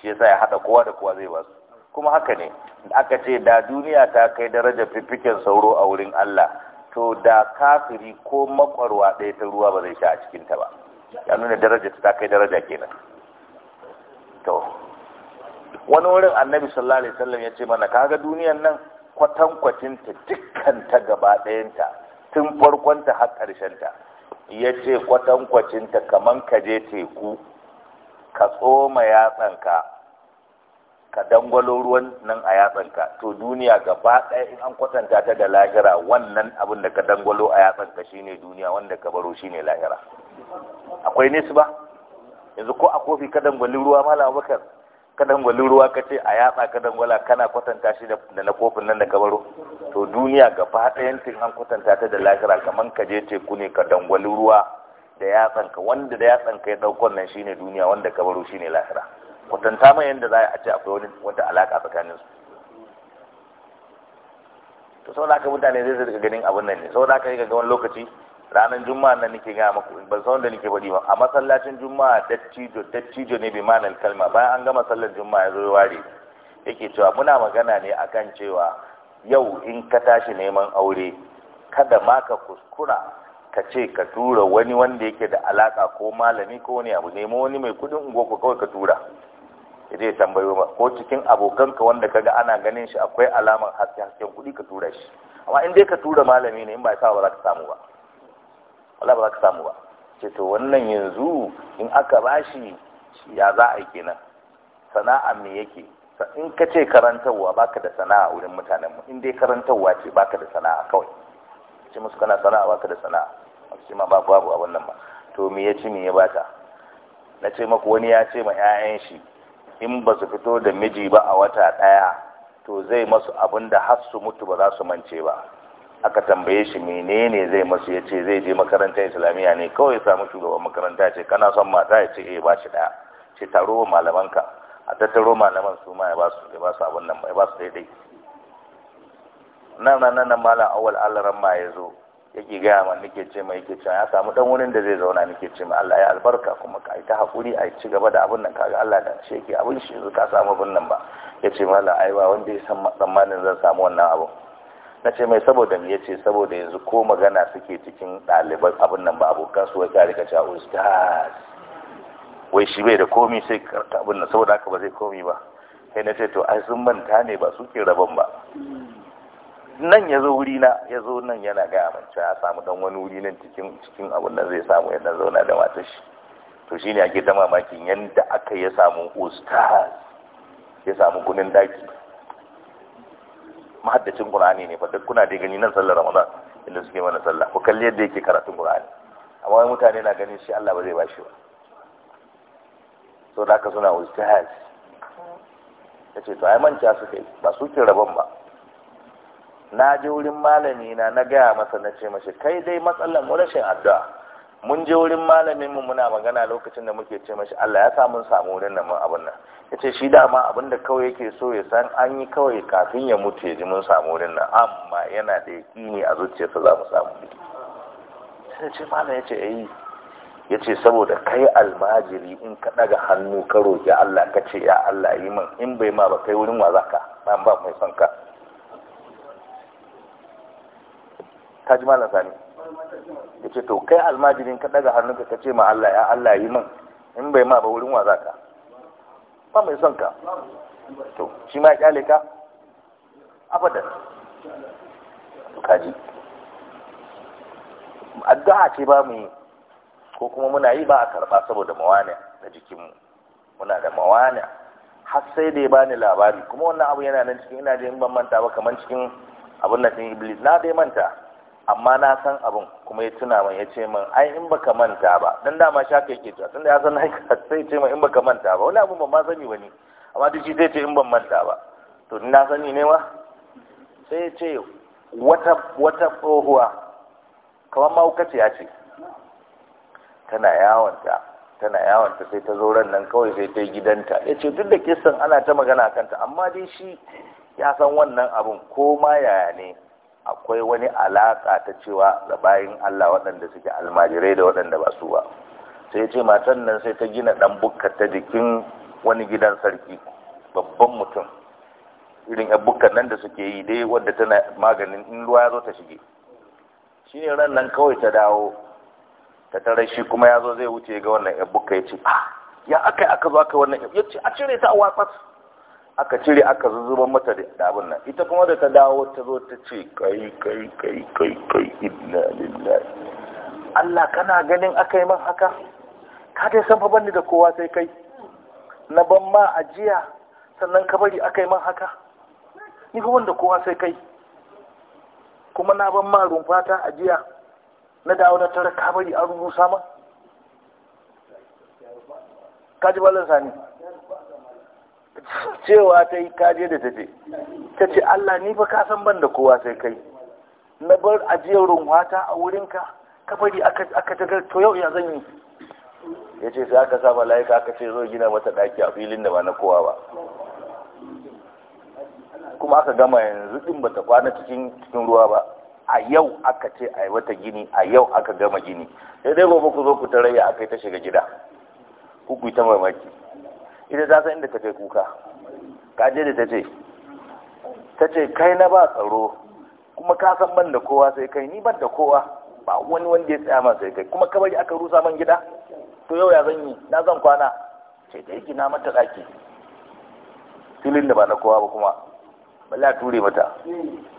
Speaker 1: shi yasa ya haɗa kowa da kowa zai basu kuma haka ne aka ce da duniya ta kai daraja fiffiken sauro a wurin Allah to da kafiri ko makwarwa ɗaya ta ruwa ba zai sha a cikinta ba ya nuna daraja ta kai daraja kenan to wani wurin annabi sallallahu alaihi wasallam ya ce mana kaga duniyan nan kwatin ta dukkan ta gaba ɗayanta tun farkon ta har ƙarshen ta ya ce kwatin ta kaman ka je teku ka tsoma yatsanka ka dangwalo ruwan nan a ka to duniya gaba ɗaya in an kwatanta ta da lahira wannan abin da ka dangwalo a ka shine duniya wanda ka baro shine lahira akwai nisba yanzu ko a kofi ka dangwali ruwa malam bakar ka dangwali ruwa ka ce a yatsa ka dangwala kana kwatanta shi da na kofin nan da ka baro to duniya ga ɗayan tin an kwatanta ta da lahira kamar ka je teku ne ka dangwali ruwa da yatsan ka wanda da yatsan ka ya ɗaukon nan shine duniya wanda ka baro shine lahira kwatanta mai yadda za a ce akwai wani wata alaka tsakanin su to sau da mutane zai zai ganin abin nan ne sau da aka yi ga wani lokaci ranar juma'a nan nake gaya maku ban san wanda nake bari ba a masallacin juma'a dattijo dattijo ne bi manal kalma bayan an gama sallar juma'a ya zo ya ware yake cewa muna magana ne akan cewa yau in ka tashi neman aure kada ma ka kuskura ka ce ka tura wani wanda yake da alaka ko malami ko wani abu nemo wani mai kudin ungo ko kawai ka tura ya tambayo ba ko cikin abokanka wanda kaga ana ganin shi akwai alamar hasken hasken kudi ka tura shi amma in dai ka tura malami ne in ba ya sa ba za ka samu ba wala ba za ka samu ba ce to wannan yanzu in aka bashi ya za a yi kenan sana'a me yake in ka ce karantarwa baka da sana'a wurin mutanen mu in dai karantarwa ce baka da sana'a kawai ce musu kana sana'a baka da sana'a ce ma ba babu a wannan ma to me ya ci me ya bata na ce maku wani ya ce ma 'ya'yan shi in ba su fito da miji ba a wata ɗaya to zai masu abin da har su mutu ba za su mance ba aka tambaye shi menene zai masu ya ce zai je makarantar islamiyya ne kawai samu shugaban makaranta ce kana son mata ya ce eh ba shi daya ce taro malamanka a tattaro malaman su ma ya ba su ya ba su abin nan ya ba su daidai nan nan nan malam awal alaran ma ya zo yake gaya ma nake ce mai yake ce ya samu dan wurin da zai zauna nake ce mai Allah ya albarka kuma ka ta hakuri a ci gaba da abin nan kaga Allah da shi yake abin shi ka samu abin nan ba yace mallam ai ba wanda ya san tsammanin zan samu wannan abin na ce mai saboda me yace saboda yanzu ko magana suke cikin ɗaliban abin nan ba abokan su wai ka rika cewa ustaz wai shi bai da komi sai karta abin nan saboda haka ba zai komi ba sai na ce to ai sun manta ne ba suke rabon ba nan ya zo wuri na ya zo nan yana gaya min a samu dan wani wuri nan cikin cikin abin nan zai samu yadda zauna da matar shi to shine ake ta mamakin yanda aka ya samu ustaz ya samu gunin daki mahaddacin qur'ani ne fa duk kuna da gani nan sallar ramadan inda suke mana sallah ku kalli yadda yake karatun qur'ani amma wai mutane na ganin shi Allah ba zai bashi ba to da ka suna wajtihad yace to ai manta suka yi ba su ke rabon ba na je wurin malami na na gaya masa na ce mashi kai dai matsalar mu rashin addu'a mun je wurin malamin mu muna magana lokacin da muke ce mashi Allah ya sa mun samu wurin nan mun abun nan yace shi da ma abin da kawai yake so ya san an yi kawai kafin ya mutu ya ji mun samu wurin nan amma yana da yakini a zuciyarsa za mu samu sai ce malam yace eh yace saboda kai almajiri in ka daga hannu ka roki Allah ka ce ya Allah yi min in bai ma ba kai wurin wa zaka ba mai son ka ji malam sani ya ce to kai almajirin ka ɗaga hannunka ka ce ma Allah ya Allah yi min in bai ma ba wurin wa za ka ba mai son ka to shi ma kyale ka abadan kaji addu'a ce ba mu yi ko kuma muna yi ba a karɓa saboda mawani da jikinmu muna da mawani har sai da ya bani labari kuma wannan abu yana nan cikin ina da in ban manta ba kamar cikin abin da iblis na dai manta amma na san abin kuma ya tuna min ya ce min ai in baka manta ba dan dama shaka yake cewa tunda ya san na sai ya ce min in baka manta ba wani abin ban ma sani wani amma duk shi zai ce in ban manta ba to na sani ne ma sai ya ce wata wata tsohuwa kamar ce ya ce tana yawanta tana yawanta sai ta zo ran nan kawai sai ta gidanta ya ce duk da kisan ana ta magana kanta amma dai shi ya san wannan abun ko ma yaya ne akwai wani alaka ta cewa da bayin Allah waɗanda suke almajirai da waɗanda ba su ba sai ce matan nan sai ta gina ɗan bukkar ta jikin wani gidan sarki babban mutum irin yan bukkar nan da suke yi dai wadda tana maganin in ruwa ya zo ta shige shi ne ran nan kawai ta dawo ta tare shi kuma ya zo zai wuce ga wannan yan bukka ya ce ah, ya aka aka zo aka wannan ya ce a cire ta a watsas aka cire aka zuzuba mata da abin nan ita kuma da ta dawo ta zo ta ce kai kai kai kai kai inna lillahi Allah kana ganin aka yi man haka ka dai san fa banni da kowa sai kai na ban ma ajiya sannan ka bari aka yi man haka ni fa wanda kowa sai kai kuma na ban ma ta ajiya na dawo na tara ka bari an rubuta ma ka ji balan sani cewa ta yi kaje da tafi ta ce Allah ni fa ka san ban da kowa sai kai na bar ajiyar runwata a wurinka ka bari aka tagar to yau ya zan yi ya ce sai aka sa mala'ika aka ce zo gina mata daki a filin da ba na kowa ba kuma aka gama yanzu din bata kwana cikin cikin ruwa ba a yau aka ce a wata gini a yau aka gama gini sai dai gobe ku zo ku tarayya a ta shiga gida ku ku ta mamaki ita ta san inda ta kai kuka kaje da ta ce ta ce kai na ba tsaro kuma ka san ban da kowa sai kai ni ban da kowa ba wani wanda ya tsaya man sai kai kuma ka bari aka rusa man gida to yau ya zan yi na zan kwana ce da yake na mata daki filin da ba na kowa ba kuma bala ture mata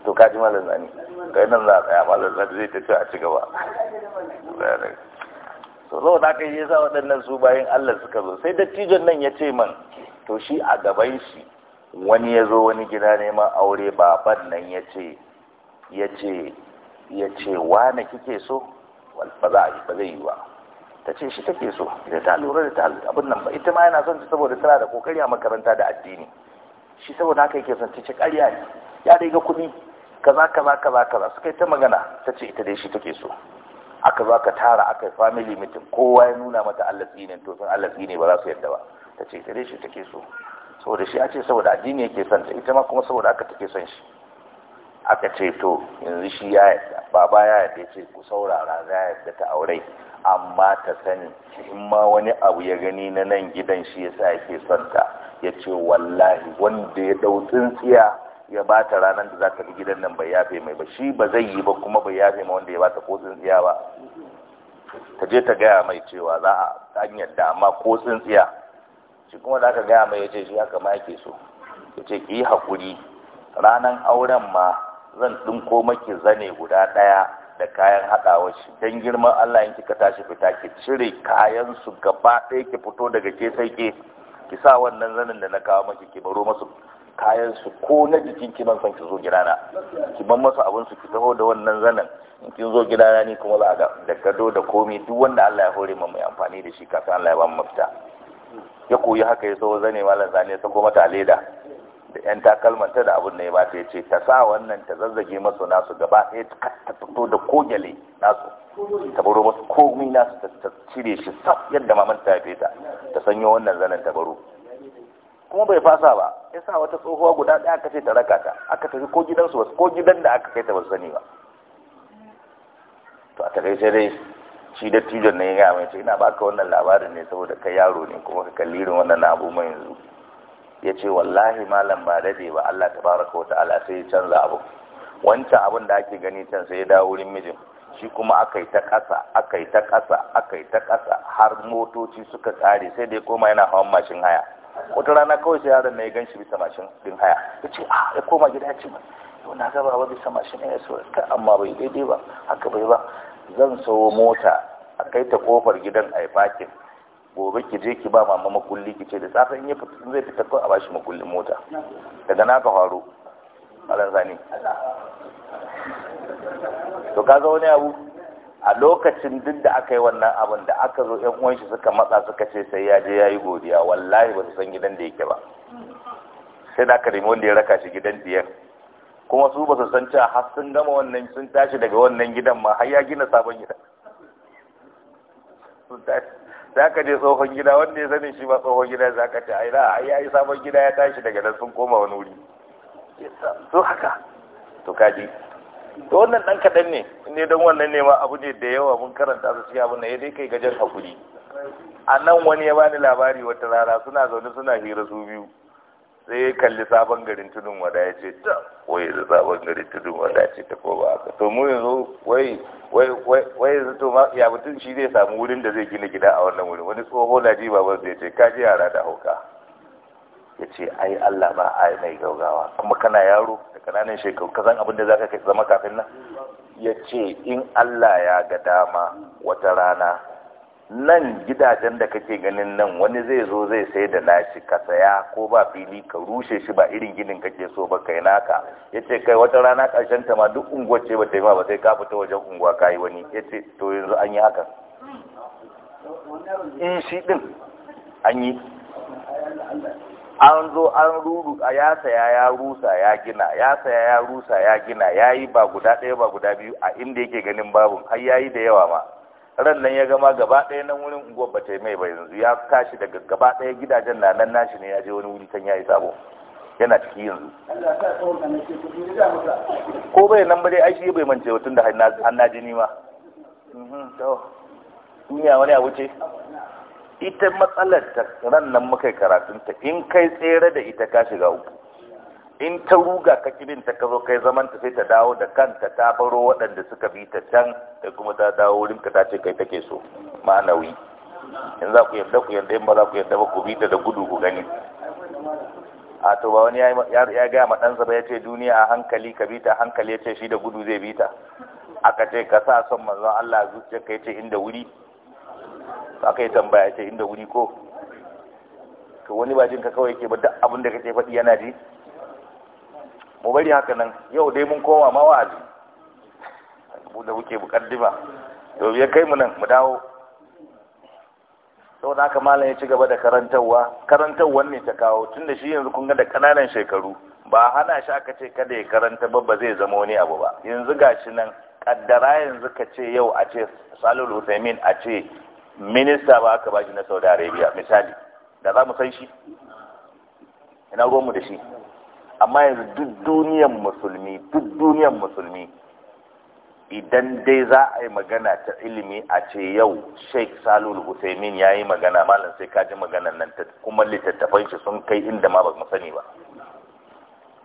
Speaker 1: to ka ji malam zani kai nan za a tsaya malam zani zai ta ce a ci gaba so da aka yi sa waɗannan su bayan Allah suka zo sai dattijon nan ya ce man to shi a gaban shi wani ya zo wani gida neman aure baban nan ya ce ya ce ya ce wane kike so ba za a yi ba zai yi ba ta ce shi take so da ta lura da ta abin nan ba ita ma yana son ta saboda tana da kokari a makaranta da addini shi saboda haka yake son ta ce ƙarya ne ya dai ga kuɗi kaza kaza kaza kaza suka yi ta magana ta ce ita dai shi take so aka za ka tara aka yi family meeting kowa ya nuna mata allafi ne to sun allafi ne ba za su yadda ba ta ce ta shi take so saboda shi a ce saboda addini yake son ta ita ma kuma saboda aka take son shi aka ce to yanzu shi ya yadda baba ya yadda ce ku saurara za ya yadda ta aure amma ta sani in ma wani abu ya gani na nan gidan shi yasa yake son ta ya ce wallahi wanda ya dau tsintsiya ya ba ta ranar da za ka bi gidan nan bai yafe mai ba shi ba zai yi ba kuma bai yafe ma wanda ya bata ko tsintsiya ba ta je ta gaya mai cewa za a an yadda amma ko tsintsiya shi kuma za ka gaya mai ya ce shi haka ma yake so ya ce ki yi haƙuri ranar auren ma zan ɗinko maki zane guda ɗaya da kayan haɗawar shi don girman Allah in kika tashi fita ki cire kayan su gaba ɗaya ki fito daga ke sai ke ki sa wannan zanen da na kawo maki ki baro masu kayan su ko na jikin kiman ban san ki zo gidana ki ban masa abin su ki taho da wannan zanen in kin zo gidana ni kuma za ga da gado da komi duk wanda Allah ya hore mai amfani da shi kafin Allah ya ba mu mafita ya koyi haka ya so zane mallan zane ya sako mata leda da yan ta da abin da ya bata ya ce ta sa wannan ta zazzage masu nasu gaba ɗaya ta fito da kogale nasu ta baro masu komai nasu ta cire shi saf yadda mamanta ya feta ta sanyo wannan zanen ta baro kuma bai fasa ba yasa wata tsohuwa guda ɗaya aka ce ta raka ta aka tafi ko gidansu ba ko gidan da aka kai ta basu sani ba to a takaice dai shi da tijon na ya gaya mai ce ina baka wannan labarin ne saboda kai yaro ne kuma ka kalli irin wannan abu mai yanzu ya ce wallahi malam ba dade ba Allah ta baraka wata ala sai ya canza abu wancan abin da ake gani can sai ya dawo wurin mijin shi kuma aka yi ta ƙasa aka yi ta ƙasa aka yi ta ƙasa har motoci suka tsare sai dai koma yana hawan mashin haya wata rana kawai sai yaron na ya ganshi bisa mashin din haya ya ce ah ya koma gida ya ce ma yau na gaba ba bisa mashin ya so ka amma bai daidai ba haka bai ba zan sawo mota a kai ta kofar gidan a yi bakin gobe ki je ki ba mama makulli ki ce da safe in ya fita zai fita ko a bashi makullin mota daga na ka faru a zani to kaga wani abu a lokacin duk da aka yi wannan abin da aka zo yan uwan shi suka matsa suka ce sai ya je ya yi godiya wallahi ba su san gidan da yake ba sai da aka nemi wanda ya raka shi gidan diyar kuma su ba su san cewa har sun gama wannan sun tashi daga wannan gidan ma har ya gina sabon gida za ka je tsohon gida wanda ya sani shi ba tsohon gida za ka ce ai da ya yi sabon gida ya tashi daga nan sun koma wani wuri su haka to kaji to wannan dan kaɗan ne ne don wannan ne ma abu ne da yawa mun karanta su cikin abin da ya dai kai gajar hakuri a nan wani ya bani labari wata rana suna zaune suna hira su biyu sai ya kalli sabon garin tudun wada ya ce ta wai da sabon garin tudun wada ya ce ta ko ba haka to mu yanzu wai wai wai yanzu to ma ya mutum shi zai samu wurin da zai gina gida a wannan wurin wani tsoho na baban zai ce ka ji yara da hauka ya ce ai Allah ba a mai gaugawa kuma kana yaro da kananan shekaru kasan abin da zaka kai zama kafin nan ya ce in Allah ya ga dama wata rana nan gidajen da kake ganin nan wani zai zo zai sai da nashi ka saya ko ba fili ka rushe shi ba irin ginin kake so ba kai naka ya ce kai wata rana karshen ta ma duk unguwar ce ba ta yi ma ba sai ka fita wajen unguwa ka yi wani ya ce to yanzu an yi hakan
Speaker 2: in eh, shi din
Speaker 1: an yi an zo an ruru a ya saya ya rusa ya gina ya saya ya rusa ya gina ya yi ba guda ɗaya ba guda biyu a inda yake ganin babu har ya yi da yawa ma ran nan ya gama gaba ɗaya nan wurin unguwar ba mai ba yanzu ya tashi daga gaba ɗaya gidajen na nan nashi ne ya je wani wuri can ya yi sabo yana ciki yanzu ko bai nan ba dai aishi bai mance tun da ji ni ma mhm, wani abu ce ita matsalar ta ran nan muka karatun ta in kai tsere da ita ka shiga uku in ta ruga ka kibin ta kazo kai zaman ta sai ta dawo da kanta ta baro waɗanda suka bi ta can da kuma ta dawo wurin ka ta ce kai take so ma'anawi in za ku yarda ku yarda in ba za ku yarda ba ku bi ta da gudu ku gani a to ba wani ya gaya ma ɗansa ba ya ce duniya a hankali ka ta hankali ya ce shi da gudu zai ta aka ce ka sa son manzon Allah zuciya ka ce inda wuri aka yi tambaya ce inda wuri ko to wani ba ka kawai yake ba duk abin da kake faɗi yana ji mu bari haka nan yau dai mun koma ma wa'azi mu da kuke mukaddima to ya kai mu nan mu dawo da aka malam ya ci gaba da karantarwa karantarwa ne ta kawo tun da shi yanzu kun ga da kananan shekaru ba hana shi aka ce kada ya karanta ba ba zai zama wani abu ba yanzu gashi nan kaddara yanzu ka ce yau a ce salul husaimin a ce minista ba aka shi na saudi arabia misali da za mu san shi ina ruwan mu da shi amma yanzu duk duniyan musulmi duk duniyar musulmi idan dai za a yi magana ta ilimi a ce yau sheikh salul husaimin ya yi magana malam sai ka ji maganan nan ta kuma littattafan shi sun kai inda ma ba mu sani ba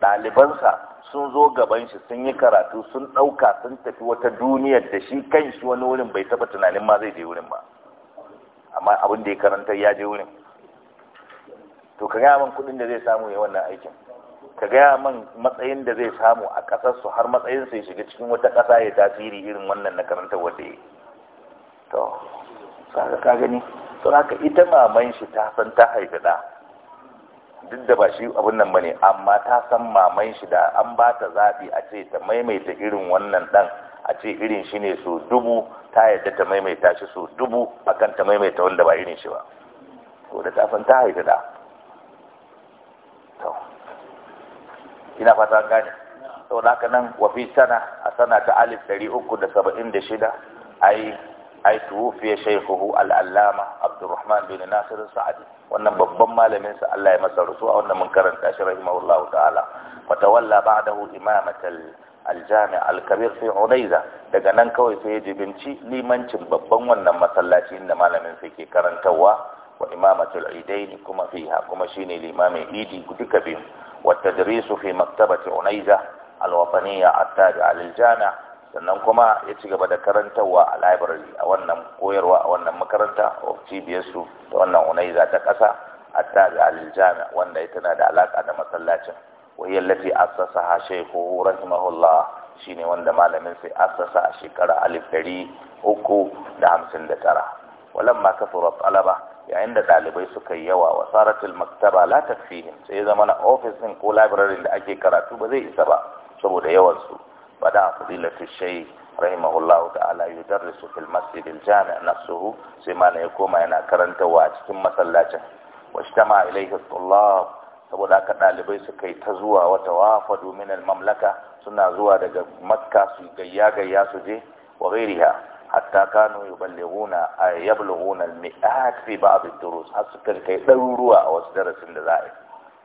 Speaker 1: ɗalibansa sun zo gaban shi sun yi karatu sun ɗauka sun tafi wata duniyar da shi kan shi wani wurin bai taɓa tunanin ma zai je wurin ba amma abin da ya karanta ya je wurin to ka gaya man kudin da zai samu ya wannan aikin ka gaya man matsayin da zai samu a kasarsu su har matsayin ya shiga cikin wata ƙasa ya tasiri irin wannan na karanta wanda ya to saka ka gani to haka ita maman shi ta san ta haifi da duk da ba shi abun nan bane amma ta san maman shi da an ba ta zaɓi a ce ta maimaita irin wannan ɗan a ce irin shi ne su dubu ta yadda ta maimaita shi su dubu akan ta maimaita wanda ba irin shi ba to da tafin ta haifi da ina fata an gane sau da haka nan wafi sana a sana ta alif ɗari uku da saba'in da shida ai ai tuwufiye shaikuhu al'allama abdurrahman bin nasir sa'adi wannan babban malamin sa Allah ya masa rasuwa wannan mun karanta shi rahimahullahu ta'ala fatawalla ba'dahu imamatal aljami alkabir fi unaiza daga nan kawai sai ya jibinci limancin babban wannan masallaci inda malamin sa ke karantarwa wa imamatul idain kuma fiha kuma shine limamin idi duka biyu wa tadrisu fi maktabati unaiza alwataniya attabi'a lil sannan kuma ya ci gaba da karantarwa a library a wannan koyarwa a wannan makaranta of cibiyarsu da wannan unaiza ta ƙasa attabi'a lil jami' wanda tana da alaka da masallacin wai hiya allati assasaha shaykhuhu rahimahullah shine wanda malamin sai asasa a shekara alif da hamsin ma walamma kafara talaba yayin da dalibai suka yawa wa saratul maktaba la takfihim sai zama na ofis din ko library da ake karatu ba zai isa ba saboda yawan su bada fadilatu shaykh rahimahullahu ta'ala yudarrisu fil masjid al-jami' nafsuhu sai ma ya koma yana karantawa a cikin masallacin washtama ilayhi at-tullab saboda haka ɗalibai su kai ta zuwa wata wafa domin mamlaka suna zuwa daga makka su gayya gayya su je wa ghairiha hatta kanu yuballighuna yablughuna al fi ba'd ad-durus har su kai ɗaruruwa a wasu darasin da za a yi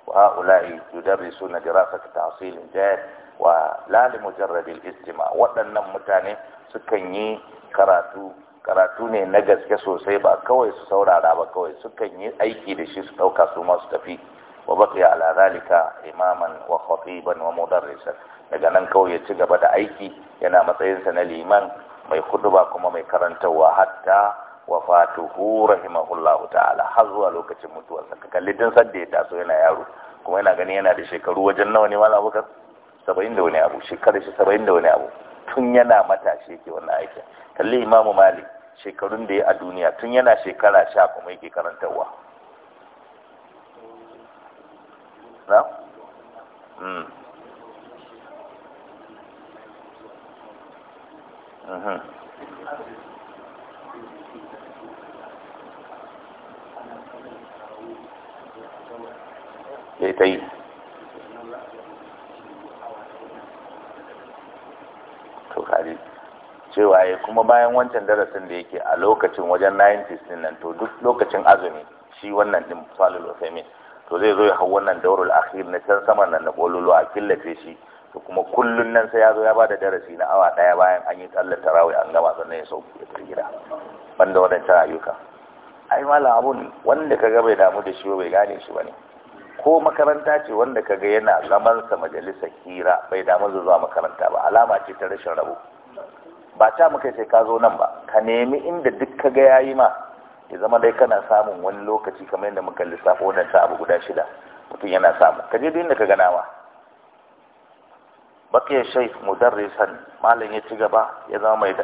Speaker 1: وهؤلاء يدرسون دراسة تحصيل الجاد ولا لمجرد istima waɗannan mutane sukan yi karatu karatu ne na gaske sosai ba kawai su saurara ba kawai sukan yi aiki da shi su ɗauka su masu tafi وبقي على ذلك اماما وخطيبا ومدرسا daga nan kawai ya ci gaba da aiki yana matsayinsa na liman mai kuduba kuma mai karantarwa hatta wafatuhu rahimahullahu ta'ala har zuwa lokacin mutuwarsa ka kalli din sadda ya taso yana yaro kuma yana gani yana da shekaru wajen nawa ne malam abubakar saba'in da wani abu shekarar shi saba'in da wani abu tun yana matashi yake wannan aikin
Speaker 2: kalli imamu
Speaker 1: malik shekarun da ya a duniya tun yana shekara sha kuma yake karantarwa Hmm. Uh-huh. ya ta yi cewa ya kuma bayan wancan darasin da yake a lokacin wajen 90s nan to duk lokacin azumi shi wannan din falul usaimin to zai zo ya hau wannan daurul akhir na can saman nan na kololo a killace shi to kuma kullun nan sai ya zo ya bada darasi na awa daya bayan an yi tsallar tarawih an gama sannan ya sauki ya tafi gida banda wadancan ayyuka ai malam abun wanda kaga bai damu da shi bai gane shi bane ko makaranta ce wanda kaga yana zaman sa Majalisa hira bai damu zuwa makaranta ba alama ce ta rashin rabo ba ta muka sai ka zo nan ba ka nemi inda duk kaga yayi ma ya zama dai kana samun wani lokaci kamar yadda muka lissafo ta abu guda shida mutum yana samu ka je da ka gana baki ya shaif mudarrisan malam ya ci gaba ya zama mai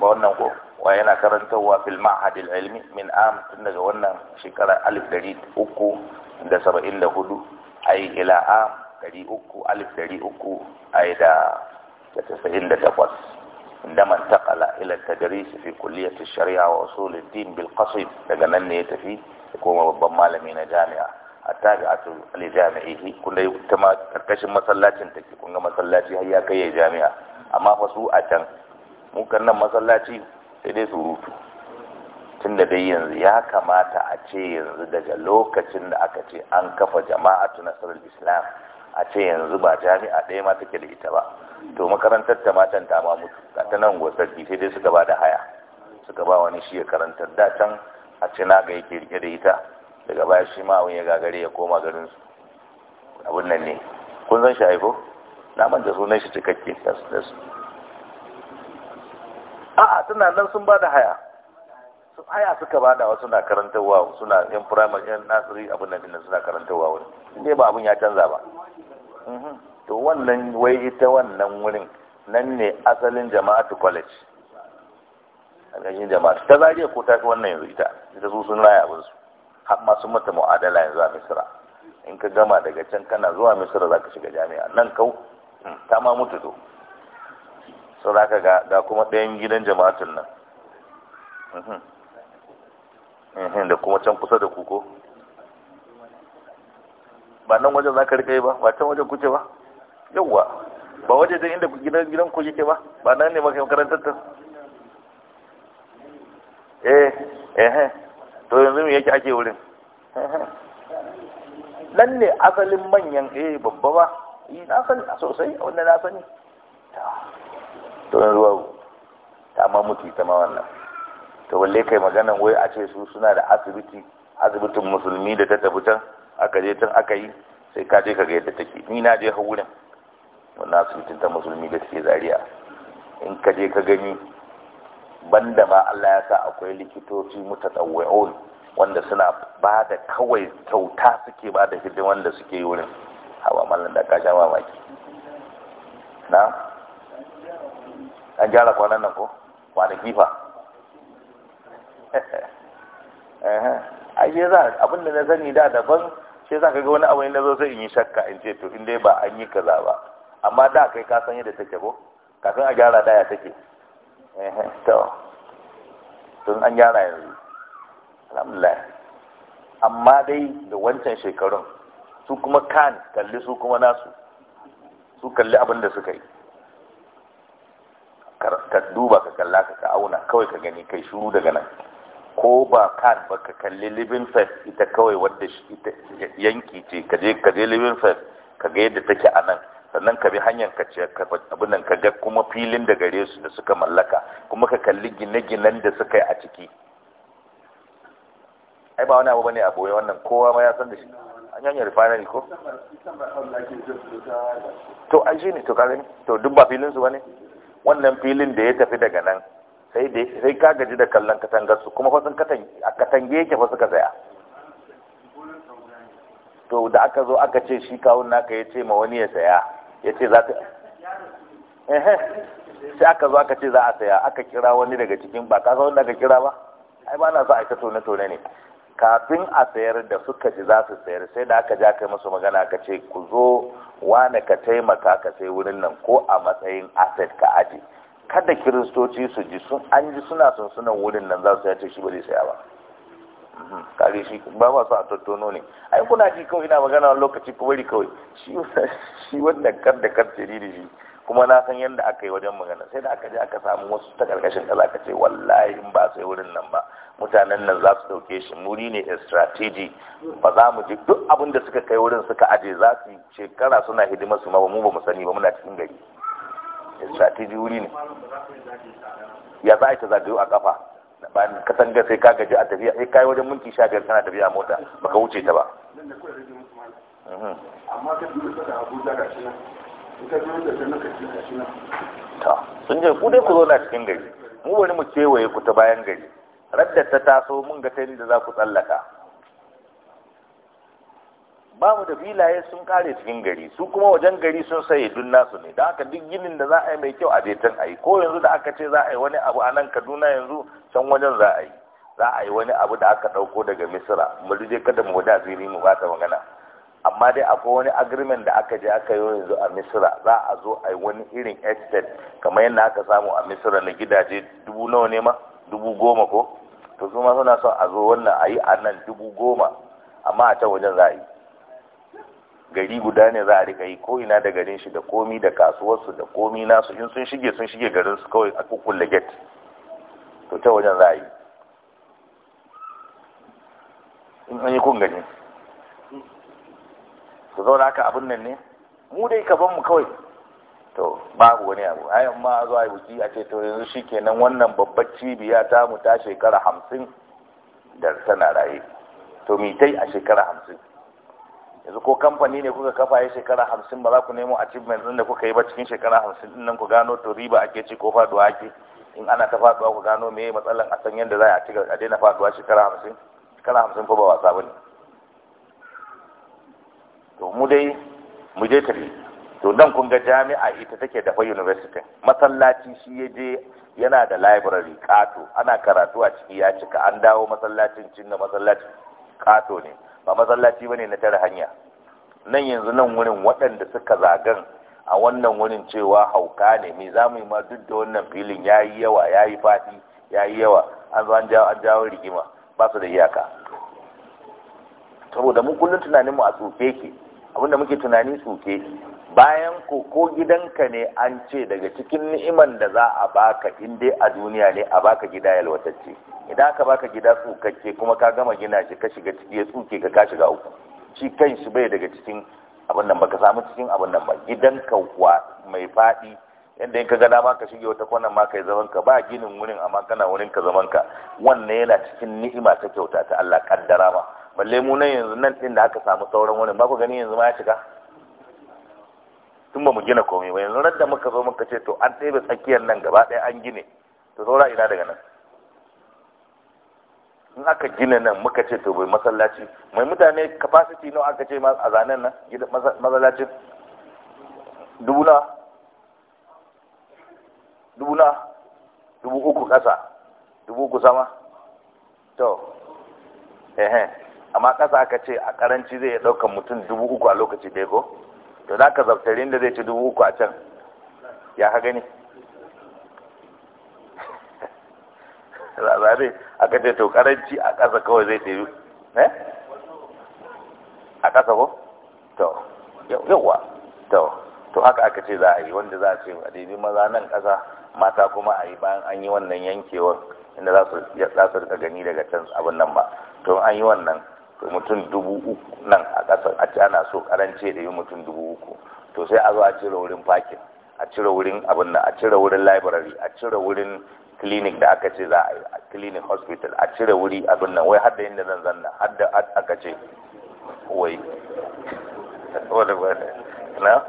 Speaker 1: wannan ko wa yana karantarwa fil ma'hadil ilmi min am tun daga wannan shekarar alif dari uku da saba'in da hudu ai ila am dari uku alif dari uku ai da da tasa'in da takwas عندما انتقل إلى التدريس في كلية الشريعة وأصول الدين بالقصيد تجنن يتفي يكون ربما مالمين جامعة التابعة لجامعه كل يتما كركشن مسلاتين تكي كنا مسلاتي هيا كي جامعة أما فسوء أتن ممكن مسلاتي سيدي سروتو tun da dai yanzu ya kamata a ce yanzu daga lokacin da aka ce an kafa jama'atu nasarar islam a ce yanzu ba jami'a ɗaya ma take da ita ba to makarantar ta matan ta ma mutu ga ta nan gwasarki sai dai suka ba da haya suka ba wani shi ya karantar da can a ce na ga yake rike da ita daga baya shi ma abin ya gagare ya koma garin su abin nan ne kun san shi aiko na manta sunan shi cikakke a a tana nan sun ba da haya su aya suka bada wasu na karantarwa suna yan firamare yan nasiri abin da nan suna karantarwa wani ne ba abin ya canza ba mhm. to wannan wai ita wannan wurin nan ne asalin jama'atu college asalin jama'atu ta zage ko ta fi wannan yanzu ita ita su sun raya abin su har ma sun mata mu'adala yanzu a misira in ka gama daga can kana zuwa misira za ka shiga jami'a nan kau mm, ta ma mutu to sau da ga kuma ɗayan gidan jama'atun nan mhm. da kuma can kusa da kuko ba nan wajen za ka rikai yi ba ba can wajen kuce ba yawwa ba waje da inda gidan ku yake ba ba nan ne makarantar ta eh eh to yanzu me yake ake wurin nan ne asalin manyan eh babba ba yi na sani sosai wanda na sani to yanzu ta ma mutu ita ma wannan to balle kai maganan wai a ce su suna da asibiti asibitin musulmi da ta tafi can aka je can aka yi sai ka je ka ga yadda take ni na je wurin wannan asibitin ta musulmi da take zaria in ka je ka gani banda ma Allah ya sa akwai likitoci mutatawwi'un wanda suna ba da kawai kyauta suke ba da hidin wanda suke yi wurin hawa mallan da ka sha mamaki na an gyara kwanan nan ko kwanaki fa a yi za abinda na zani da daban shi za ka ga wani abu na zo sai in yi shakka in ce to in dai ba an yi kaza ba amma da kai ka san yadda take ko kafin a gyara daya take to tun an gyara yanzu alhamdulillah amma dai da wancan shekarun su kuma kan kalli su kuma nasu su kalli abin da suka yi ka duba ka kalla ka ka auna kawai ka gani kai shuru daga nan ko ba kan ba ka kalli living fest ita kawai wadda yanki ce ka je ka je living fest ka ga yadda take a nan sannan ka bi hanyar ka ce abin ka ga kuma filin da gare su da suka mallaka kuma ka kalli gine-ginen da suka yi a ciki ai ba wani abu bane a boye wannan kowa ma ya san da shi an yanyar refinery ko to an shi ne to kare to duk ba filin su bane wannan filin da ya tafi daga nan sai da sai ka gaji da kallon katangar su kuma fasin katange a katange yake fa suka tsaya to da aka zo aka ce shi kawun naka ya ce ma wani ya saya ya ce za ehe sai aka zo aka ce za a saya aka kira wani daga cikin ba kasa wanda aka kira ba ai ba na sa aika tone tone ne kafin a sayar da suka ji za su sayar sai da aka ja kai musu magana aka ce ku zo wane ka taimaka ka sai wurin nan ko a matsayin asset ka aje kada kiristoci su ji sun an ji suna son sunan wurin nan za su yace shi ba zai saya ba mhm. kare shi ba ba su a tattono ne ai kuna ji kawai ina magana wani lokaci ku bari kawai shi wanda kar da kar ce da shi kuma na san yadda aka yi wajen magana sai da aka je aka samu wasu ta karkashin kaza ka ce wallahi in ba sai wurin nan ba mutanen nan za su dauke shi muri ne a strategy ba za mu ji duk abin da suka kai wurin suka aje za su shekara suna hidimar su ma ba mu ba mu sani ba muna cikin gari strategy wuri ne ya za a yi ta zagayo a kafa bayan ka san sai ka gaji a tafiya sai kai wajen minti sha biyar kana tafiya mota baka wuce ta ba mhm.
Speaker 2: amma ka da abuja ga shi
Speaker 1: nan ta sun je ku dai ku zo na cikin gari mu bari mu kewaye ku ta bayan gari radda ta taso mun ga ta da za ku tsallaka ba mu da filaye sun kare cikin gari su kuma wajen gari sun saye dun nasu ne da haka duk ginin da za a yi mai kyau a je can a yi ko yanzu da aka ce za a yi wani abu a nan kaduna yanzu can wajen za a yi za a yi wani abu da aka ɗauko daga misira mu je kada mu wada ziri mu bata magana amma dai akwai wani agreement da aka je aka yi yanzu a misira za a zo a yi wani irin estate kamar yadda aka samu a misira na gidaje dubu nawa ne ma dubu goma ko to su suna son a zo wannan a yi a nan dubu goma amma a can wajen za a yi gari guda ne za a rika yi ko ina da garin shi da komi da kasuwarsu da komi nasu in sun shige sun shige garin su kawai a kukkulle gate to ta wajen za a yi in an yi kun gani ku zauna haka abin nan ne mu dai ka mu kawai to babu wani abu ayan ma zo a yi buki a ce to yanzu shi kenan wannan babbar cibiya ta mu ta shekara hamsin da tana raye to mitai a shekara hamsin yanzu ko kamfani ne kuka kafa ya shekara hamsin ba za ku nemo achievement ɗin da kuka yi ba cikin shekara hamsin ɗin nan ku gano to riba ake ci ko faɗuwa ake in ana ta faɗuwa ku gano me matsalan a san yadda za a ci a daina faɗuwa shekara hamsin shekara hamsin fa ba wasa ba ne to mu dai mu je tafi to nan kun ga jami'a ita take da fa university masallaci shi ya je yana da library kato ana karatu a ciki ya cika an dawo masallacin cin da masallacin kato ne ba masallaci bane na tare hanya nan yanzu nan wurin waɗanda suka zagan a wannan wurin cewa hauka ne me za yi ma duk da wannan filin yayi yawa yayi yi fati ya yawa an zo an jawo rigima ba su da iyaka saboda mu kullum tunanin mu a tsofe ke abinda muke tunani suke bayan ko ko gidanka ne an ce daga cikin ni'iman da za a baka in dai a duniya ne a baka gida yalwatacce idan aka baka gida tsukakke kuma ka gama gina shi ka shiga ciki ya tsuke ka ka shiga uku shi kan shi bai daga cikin abin nan baka samu cikin abin nan ba gidanka kuwa mai faɗi yadda in ka ga dama ka shige wata kwanan ma kai zaman ka ba ginin wurin amma kana wurin ka zaman ka wannan yana cikin ni'ima ta kyauta ta Allah kaddara ma balle mu nan yanzu nan din da aka samu sauran wani ba ku gani yanzu ma ya shiga tun ba mu gina komai ba yanzu da muka zo muka ce to an ɗebe tsakiyar nan gaba ɗaya an gine to saura ina daga nan in aka gina nan muka ce to bai masallaci mai mutane capacity nawa aka ce a zanen nan masallacin dubu na dubu na dubu uku kasa dubu uku sama to ehe amma ƙasa aka ce a ƙaranci zai ɗaukar mutum dubu uku a lokaci ɗaya ko to za ka zaftari inda zai ci dubu uku a can ya ka gani <laughs> zazare aka ce to ƙaranci a ƙasa kawai zai ɗaya ne eh? a ƙasa ko to yawwa to to haka aka ce za a yi wanda za a ce a ɗaya maza nan ƙasa mata kuma a yi bayan an yi wannan yankewar inda za su rika gani daga can abin nan ba to an yi wannan to mutum dubu uku nan a ƙasar a ce ana so karance da yi mutum dubu uku to sai a zo a cire wurin fakin a cire wurin abin nan a cire wurin library a cire wurin clinic da aka ce za a yi a clinic hospital a cire wuri abin nan wai har da inda zan zanna har da aka ce wai na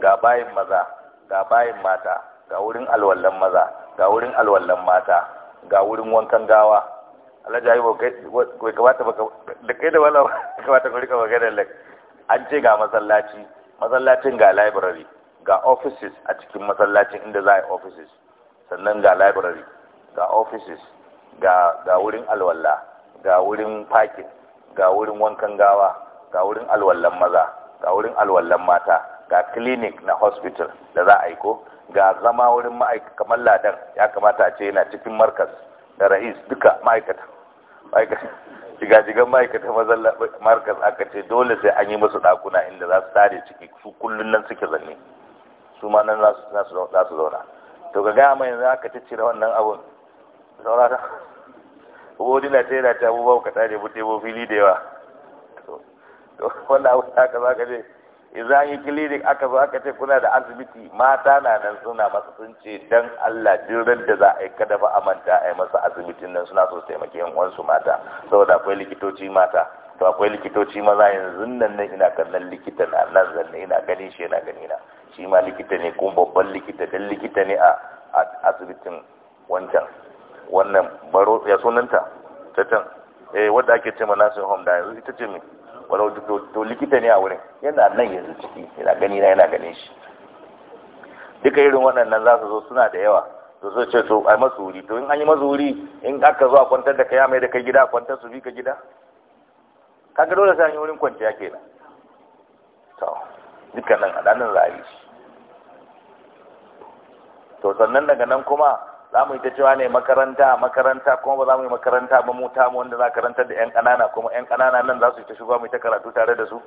Speaker 1: ga bayin maza ga bayin mata ga wurin alwallan maza ga wurin alwallan mata ga wurin wankan gawa alhaji ayi kai kamata ba da kai da wala <laughs> kamata ka rika da lek an ce ga masallaci masallacin ga library ga offices a cikin masallacin inda za a yi offices sannan ga library ga offices ga ga wurin alwala ga wurin parking ga wurin wankan gawa ga wurin alwallan maza ga wurin alwallan mata ga clinic na hospital da za a yi ko ga zama wurin ma'aikata kamar ladan ya kamata a ce yana cikin markas da ra'is duka ma'aikata shiga shigan ma'aikatan mazalla markas aka ce dole sai an yi musu ɗakuna inda za su tare ciki su kullum nan suke zanne su ma nan za su zauna to ga gaya yanzu aka cire wannan abun zaura ta wodi na tsaye na ta abubuwa ka tare bute tebo fili da yawa to wanda abun ka za ka je in za yi clinic aka zo aka ce kuna da asibiti mata na nan suna masa sun ce dan Allah jiran da za a yi kada ba a manta a yi masa asibitin nan suna so su taimaki yan mata saboda akwai likitoci mata to akwai likitoci maza yanzu nan nan ina kallon likita na nan zanne ina ganin shi yana gani na shi ma likita ne kuma babban likita dan likita ne a asibitin wancan wannan baro ya sunanta ta can eh wanda ake ce ma nursing home da yanzu ita ce mai walau to likita ne a wurin yana nan yanzu ciki yana gani na yana ganin shi duka irin waɗannan za su zo suna da yawa to so ce to a masu wuri to in an yi masu wuri in aka zo a kwantar da kai mai da kai gida kwantar su bi ka gida ga dole sai an yi wurin kwanciya kenan to dukkanin a ɗanin za a yi shi to sannan daga nan kuma za mu yi ta cewa ne makaranta makaranta kuma ba za mu yi makaranta ba mu ta mu wanda za a karantar da yan ƙanana kuma yan ƙanana nan za su yi ta shiga mu yi ta karatu tare da su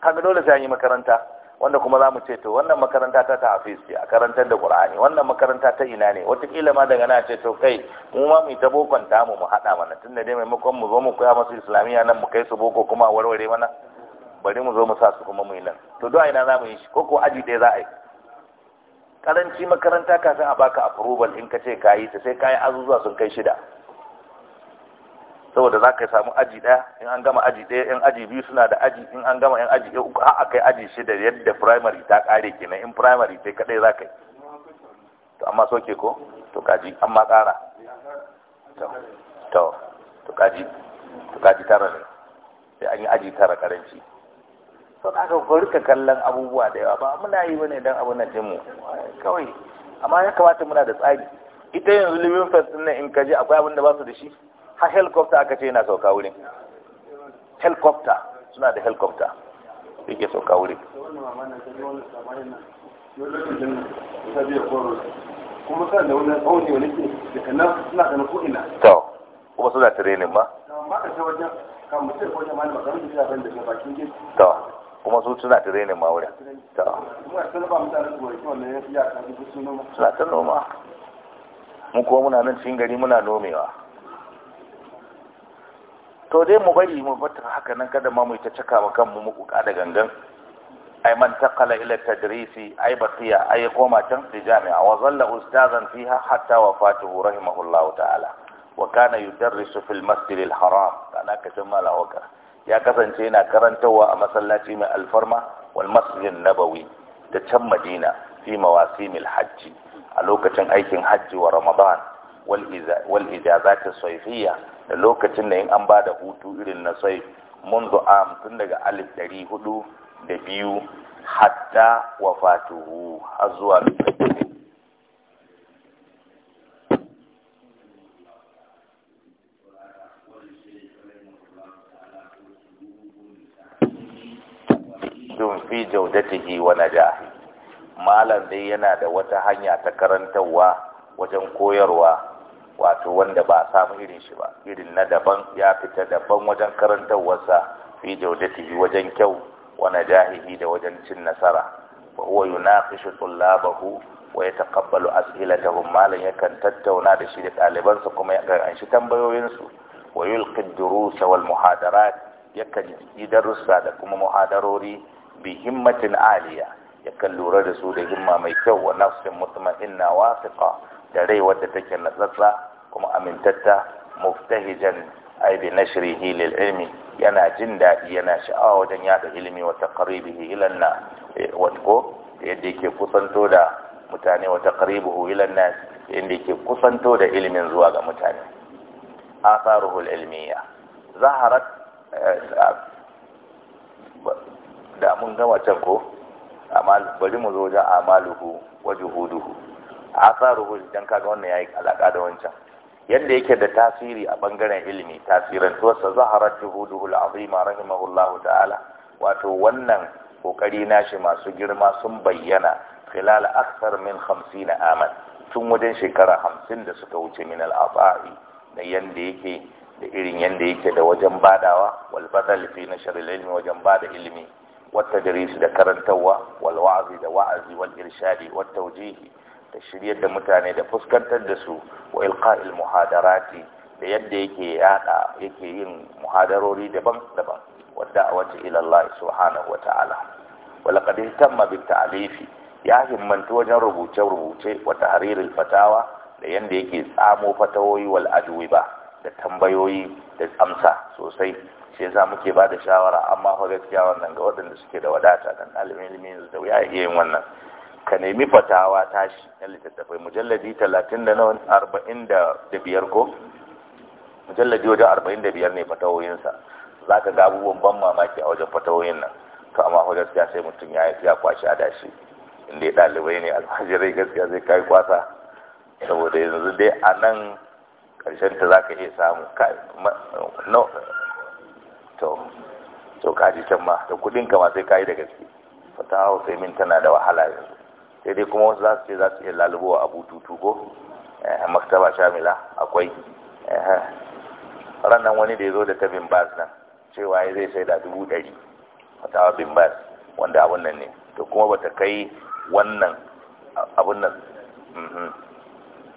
Speaker 1: kamar dole sai an yi makaranta wanda kuma za mu ce to wannan makaranta ta tafis ce a karantar da Ƙur'ani wannan makaranta ta ina ne wataƙila ma daga na ce to kai mu ma mu ta bokon ta mu mu haɗa mana tunda dai maimakon mu zo mu koya masu islamiyya nan mu kai su boko kuma warware mana bari mu zo mu sa su kuma mu yi nan to duka ina za mu yi shi ko ko aji ɗaya za a yi karanci makaranta kafin a baka approval in ka ce ka yi ta sai kayi azuzuwa sun kai shida saboda za ka samu aji ɗaya in an gama aji ɗaya in aji biyu suna da aji in an gama in aji ɗaya uku har a kai aji shida yadda primary ta ƙare kenan in primary sai kaɗai za ka yi to amma soke ko to kaji amma ƙara to to kaji to kaji tara ne sai an yi aji tara karanci sau da aka farka kallon abubuwa da yawa ba muna yi wani don abu na jinmu kawai amma ya kamata muna da tsari ita yanzu living fest nan in kaji akwai abin da ba su da shi ha helikopta, aka ce yana sauka wurin Helikopta, suna da helikopta. da sauka wurin
Speaker 2: kuma sa da wani tsawon wani ke daga nan suna ganin ko'ina to
Speaker 1: kuma suna training ba?
Speaker 2: ba ka ce wajen kan mutum wajen malamakar da shi a da bakin gidi
Speaker 1: to kuma su suna tirenin ma wurin
Speaker 2: suna ta noma mu kuma muna
Speaker 1: nan cikin gari muna nomewa to dai mu bari mu bata haka nan kada ma mu ta caka wa kanmu mu kuka da gangan ai man taqala ila tadrisi ai baqiya ai koma can fi jami'a wa zalla ustazan fiha hatta wafatuhu rahimahullahu ta'ala wa kana yudarrisu fil masjidil haram kana ka jama'a lawaka ya kasance yana karantarwa a masallaci mai alfarma wal masjid nabawi da can madina fi mawasimil hajji a lokacin aikin hajji wa ramadan wal as sayfiyya da lokacin da in an bada hutu irin na sai منذ عام tun daga alif ɗari hudu da biyu hatta wafatuhu zuwa jaudun fi jaudatihi wa najahi malam dai yana da wata hanya ta karantarwa wajen koyarwa wato wanda ba a samu irin shi ba irin na daban ya fita daban wajen karantarwarsa fi jaudatihi wajen kyau wa najahihi da wajen cin nasara wa huwa yunaqishu tullabahu wa yataqabbalu as'ilatahum malam yakan tattauna da shi da ɗalibansa kuma ya anshi tambayoyinsu wa yulqi ad-durusa wal muhadarat yakan yi darussa da kuma muhadarori bi himmatin aliya kan lura da su da himma mai kyau wa nafsin mutma'inna wasiqa da rai wadda take natsatsa kuma amintatta muftahijan ay bi nashrihi lil ilmi yana jin dadi yana sha'awa wajen yada ilimi wa taqribihi ila na eh, ko yadda yake kusanto da mutane wa taqribuhu ila nas yadda yake kusanto da ilimin zuwa ga mutane atharuhu al ilmiya zaharat eh, da mun gama can ko bari mu zo wajen amaluhu wa juhuduhu hujji don kaga wannan yi alaƙa da wancan yadda yake da tasiri a bangaren ilimi tasirin tuwasa zaharar juhuduhu al'azima rahimahullahu ta'ala wato wannan kokari nashi masu girma sun bayyana khilal aksar min na aman tun wajen shekara hamsin da suka wuce min al'afari na yadda yake da irin yanda yake da wajen badawa wal badal fi nashr al wajen bada ilimi والتدريس ده كرنتوا والوعظ ده وعظ والإرشاد والتوجيه da shiryar da mutane da fuskantar da su wa ilqa'il muhadarati da yadda yake yada yin muhadarori daban-daban wa da'wati ila Allah subhanahu wa ta'ala wa laqad ihtamma bit ya himmantu wajen rubuce rubuce wa tahriril fatawa da yadda yake tsamo fatawoyi wal adwiba da tambayoyi da amsa sosai shi yasa muke ba da shawara amma fa gaskiya wannan ga waɗanda suke da wadata dan ɗalibin ilimin yanzu da wuya iya yin wannan ka nemi fatawa tashi na littattafai mujalladi talatin da nawa arba'in da biyar ko
Speaker 2: mujalladi wajen arba'in
Speaker 1: da biyar ne fatawoyinsa za ka ga abubuwan ban mamaki a wajen fatawoyin nan to amma fa gaskiya sai mutum ya ya kwashi a dashi inda ya ɗalibai ne alfajirai gaskiya zai kai kwasa saboda yanzu dai a nan ƙarshen ta za ka iya samu to to kaji can ma da kudin ma sai kayi da gaske fatawa sai min tana da wahala yanzu sai dai kuma wasu za su ce za su iya lalubowa a bututu ko eh, maktaba shamila akwai eh, ranar wani da ya zo da ta bas nan cewa ya zai sai da dubu ɗari fatawa bin bas wanda abun nan ne to kuma bata kai wannan abun nan mm-hmm.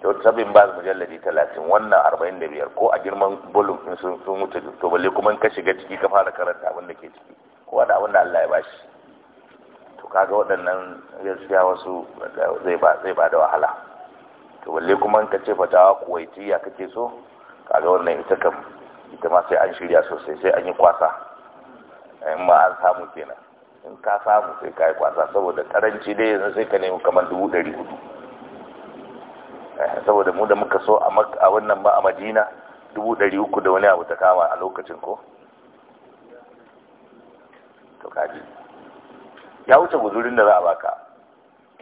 Speaker 1: to sabin ba mujalladi talatin wannan arba'in da biyar ko a girman bolum in sun sun wuce to balle kuma in ka shiga ciki ka fara karanta abin da ke ciki kowa da abin da Allah ya bashi to kaga waɗannan gaskiya wasu zai ba zai ba da wahala to balle kuma in ka ce fatawa kuwaitiya kake so kaga wannan ita kam ita ma sai an shirya sosai sai an yi kwasa in ma an samu kenan in ka samu sai ka yi kwasa saboda karanci dai yanzu sai ka nemi kamar dubu ɗari hudu Eh, saboda mu da muka so a wannan ba a madina dubu ɗari uku da wani abu ta kama a lokacin ko to kaji ya wuce guzurin da za a baka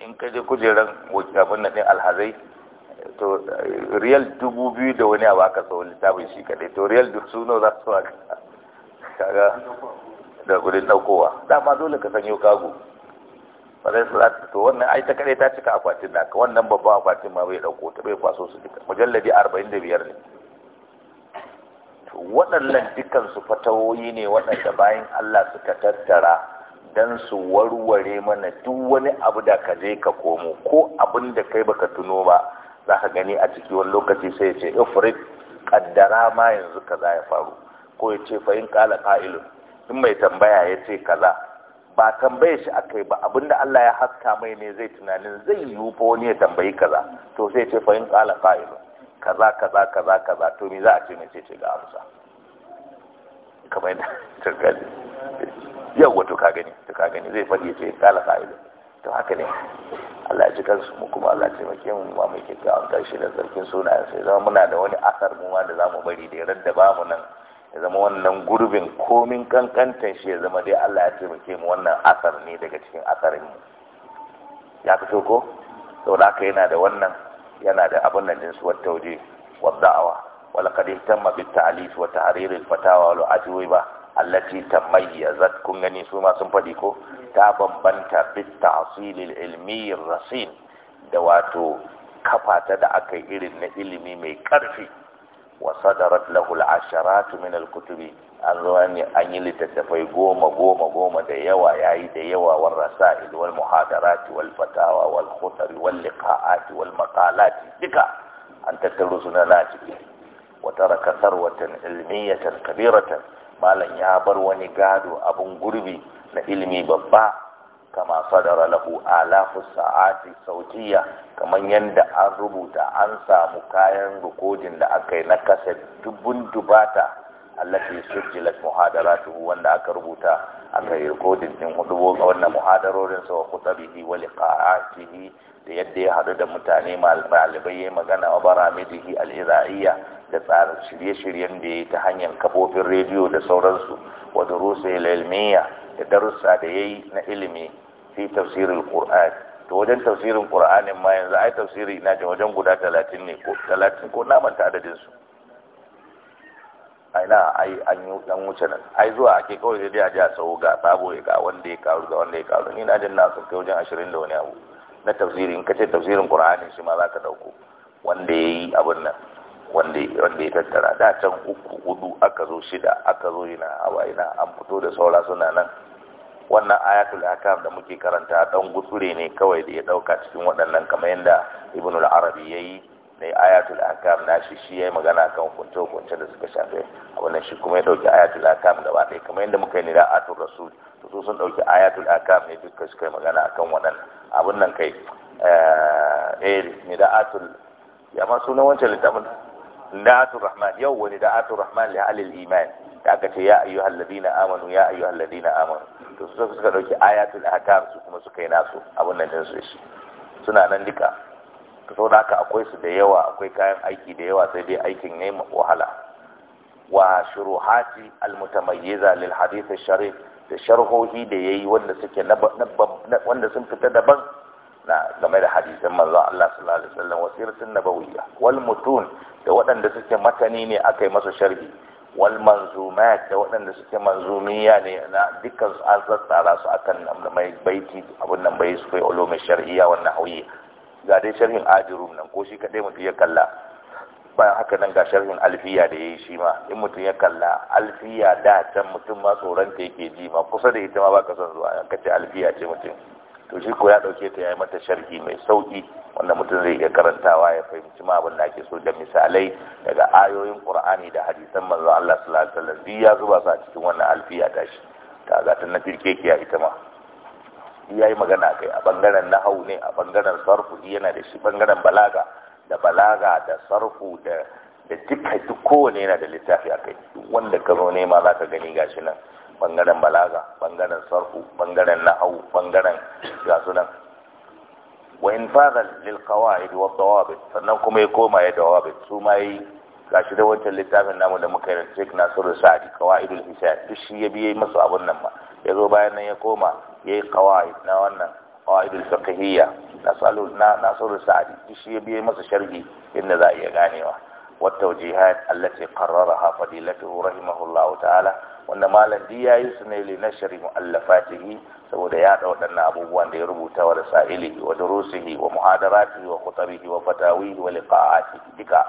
Speaker 1: in ka je kujeran wakilafin na ɗin alhazai to eh, riyal dubu biyu da wani abu aka tsawon littafin shi kaɗai to riyal duk suna za su haka kaga da gudun ɗaukowa dama dole ka sanyo kago farai salatu to wannan ai ta kare ta cika akwatin naka wannan babban akwatin ma bai dauko ta bai kwaso su duka mujalladi 45 ne to waɗannan dukkan su fatawoyi ne waɗanda bayan Allah suka tattara dan su warware mana duk wani abu da ka je ka komo ko abin da kai baka tuno ba za ka gani a ciki wani lokaci sai ya ce ifrit kaddara ma yanzu kaza ya faru ko ya ce fa in kala qa'ilun in mai tambaya ya ce kaza ba tambaye shi yi ba abinda Allah ya haska mai ne zai tunanin zai yi fa wani ya tambayi kaza to sai ce fa in qala qa'il kaza kaza kaza kaza to me za a ce mai sai ce ga amsa kamar da <laughs> turkali yawa to ka gani to ka gani zai faɗi ce qala qa'il to haka ne Allah ya ji kansu mu kuma Allah ya maki mu ma mai kyakkyawan an karshe da zargin sunayen sai zama muna da wani asar mu ma da zamu bari da radda ba mu nan ya zama wannan gurbin komin kankantan shi ya zama dai Allah ya taimake mu wannan asar ne daga cikin asarin mu ya fito ko saboda haka yana da wannan yana da abin nan din wa tauje wa da'awa wa laqad ihtamma bit ta'lif wa tahrir al fatawa wal ajwiba allati tamayyazat kun gani su ma sun fadi ko ta bambanta bit ta'sil al ilmi rasin da wato kafata da aka irin na ilimi mai karfi wa sadarat lahu al-asharatu min al-kutubi an zo an yi littattafai goma goma goma da yawa yayi da yawa wal rasail wal muhadarat wal fatawa wal khutar wal liqa'at wal maqalat duka an tattaro suna na ciki wa taraka sarwatan ilmiyatan kabiratan malan ya bar wani gado abin gurbi na ilimi babba kama sadara lahu alafu sa'ati sautiya kaman yanda an rubuta an samu kayan rikodin da aka yi na kaset dubun dubata allati sujjilat muhadaratuhu wanda aka rubuta aka yi rikodin din hudu wannan muhadarorin sa wa khutabihi wa liqa'atihi da yadda ya hadu da mutane malibai ya magana wa baramidihi al-ira'iyya da tsarin shirye-shiryen da ya ta hanyar kafofin rediyo da sauransu wa durusa ilmiya da darussa da yayi na ilimi fi tafsirin qur'an to wajen tafsirin qur'anin ma yanzu ai tafsiri ina ji wajen guda talatin ne ko 30 ko na manta adadin su ai na ai an yi dan wuce nan ai zuwa ake kawai dai a ji sau ga sabo ya ga wanda ya karu ga wanda ya karu ni na jin na su kai wajen ashirin da wani abu na tafsiri in ka ce tafsirin qur'ani shi ma za ka dauko wanda ya yi abin nan wanda ya tattara da can uku hudu aka zo shida aka zo yana hawa yana an fito da saura suna nan wannan ayatul akam da muke karanta dan gusure ne kawai da ya dauka cikin waɗannan kamar yadda ibnu al-arabi yayi ne ayatul akam na shi yayi magana kan kunto kunce da suka shafe wannan shi kuma ya dauki ayatul ahkam gaba ɗaya kamar yadda muka yi nira atul rasul to su sun dauki ayatul akam ne duk su kai magana akan waɗannan abun nan kai eh, eh nira atul ya ma sunan wancan littafin nida atul rahman yau wani da atul rahman li alil iman da aka ce ya ayyuhal ladina amanu ya ayyuhal ladina amanu to su suka dauki ayatul ahkam su kuma suka yi nasu abun nan din su shi suna nan duka to saboda haka akwai su da yawa akwai kayan aiki da yawa sai dai aikin ne wahala wa shuruhati almutamayyiza lil hadith sharif da sharhohi da yayi wanda suke wanda sun fita daban na game da hadisan manzo Allah sallallahu alaihi wasallam wasiratun nabawiyya wal mutun da waɗanda suke matani ne akai masa sharhi wal manzumat da waɗanda suke manzumiya ne na dukkan su an tsara su akan mai baiti abin nan bai su kai ulumi shar'iyya wannan hauyi ga dai sharhin ajirum nan ko shi kadai mutum ya kalla bayan haka nan ga sharhin alfiya da yayi shi ma in mutum ya kalla alfiya da can mutum ma tsoron ta yake ji ma kusa da ita ma baka san zuwa ka ce alfiya ce mutum to shi ko ya dauke ta yayi mata sharhi mai sauki wanda mutum zai iya karantawa ya fahimci ma abin da ake so da misalai daga ayoyin Qur'ani da hadisan manzo Allah sallallahu alaihi wasallam ya zuba sa a cikin wannan alfiya tashi ta ga ta na ya ita ma yayi magana kai a bangaren nahau ne a bangaren sarfu yana da shi bangaren balaga da balaga da sarfu da da duka duk kowane yana da littafi a kai wanda ka zo ma za ka gani gashi nan bangaren balaga bangaren sarku, bangaren nahau bangaren ga sunan wa in fadal lil qawaid wa dawabit sannan kuma ya koma ya dawabit su ma yi gashi da wancan littafin namu da muka yi Sheikh Nasiru Sa'di qawaidul hisab duk shi ya biye masu abun nan ma yazo bayan nan ya koma yayi qawaid na wannan qawaidul fiqhiyya nasalu na Nasiru Sa'di duk shi ya biye masa sharhi inda za a iya ganewa والتوجيهات التي قررها فضيلته رحمه الله تعالى wanda malam di ya yi su ne li nashari mu'allafatihi saboda ya ɗau ɗanna abubuwan da ya rubuta wa rasa ilihi wa durusihi wa muhadarati wa kutarihi wa fatawihi wa liqa'ati duka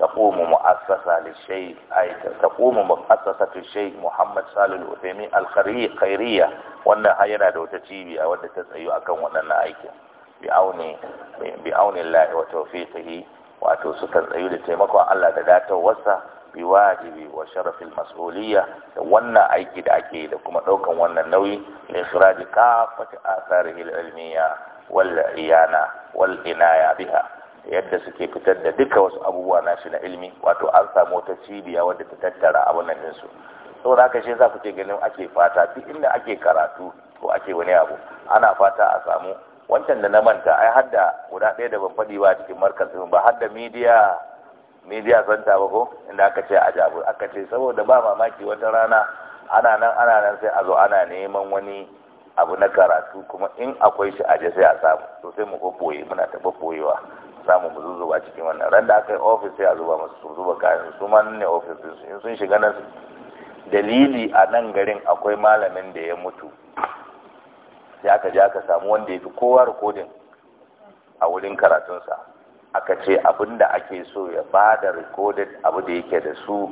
Speaker 1: taqumu mu'assasa li shaykh ay taqumu mu'assasatu shaykh muhammad salih al-uthaymi al-khairiyya khairiyya wanda da wata cibiya wadda ta tsayu akan waɗannan aikin Bi'aunin auni bi auni Allah wa tawfiqihi wato su kan tsayu da taimakon Allah da datar datowarsa biwajibi wa sharafin mas'uliyya da wannan aiki da ake da kuma daukan wannan nauyi da ikhraji kafat atharihi al ilmiya wal iyana wal inaya biha yadda suke fitar da duka wasu abubuwa na shi na ilmi wato an samu wata cibiya wadda ta tattara a wannan Sau saboda haka shi yasa kuke ganin ake fata duk inda ake karatu ko ake wani abu ana fata a samu wancan da na manta ai hadda guda ɗaya da ban faɗi ba cikin markazin ba hadda media media center ba ko inda aka ce a jabu aka ce saboda ba mamaki wata rana ana nan ana nan sai a zo ana neman wani abu na karatu kuma in akwai shi aje sai a samu to sai mu boye muna ta boyewa samu mu zuzuba cikin wannan ran da aka yi office sai a zuba musu su zuba kayan su ma ne office din in sun shiga nan dalili a nan garin akwai malamin da ya mutu sai aka je aka samu wanda ya fi kowa rikodin a wurin karatunsa aka ce abinda ake so ya ba da recorded abu da yake da su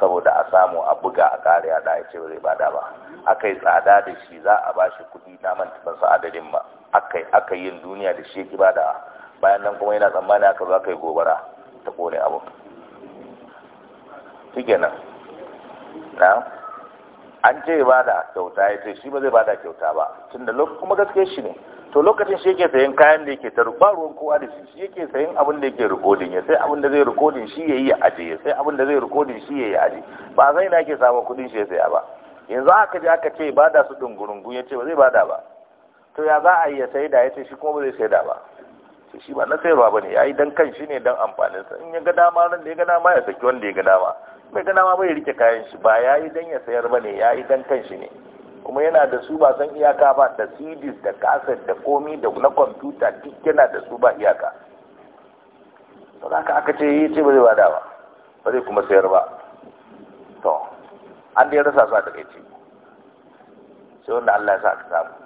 Speaker 1: saboda a samu a buga a kare a da ya ce zai bada ba aka yi tsada da shi za a ba shi kudi na mantan su adadin ba aka yin duniya da shi ki bada bayan nan kuma yana tsammani aka zo aka yi gobara ta kone abu shi nan na an ce ya bada kyauta ya ce shi ba zai bada kyauta ba tun da kuma gaske shi ne to lokacin shi yake sayan kayan da yake ta ba ruwan kowa da shi yake sayan abin da yake rikodin ya sai abin da zai rikodin shi ya yi ya aje ya sai abin da zai rikodin shi ya yi aje ba zai na ke samun kuɗin shi ya saya ba yanzu aka je aka ce ba da su dungurungun ya ce ba zai ba da ba to ya za a yi ya sai da ya ce shi kuma ba zai sai da ba to shi ba na sayarwa ba ne ya yi dan kan shi ne dan amfanin sa in ya ga dama nan da ya ga dama ya saki wanda ya ga dama mai ga dama bai rike kayan shi ba ya yi dan ya sayar ba ne ya yi dan kan shi ne kuma yana da su ba san iyaka ba da cds da kaset da komi da na kwamfuta duk yana da su ba iyaka to ka, aka ce yi eh, ce ba zai bada ba ba zai kuma sayar ba to an da ya rasa su a takaici sai wanda Allah ya sa aka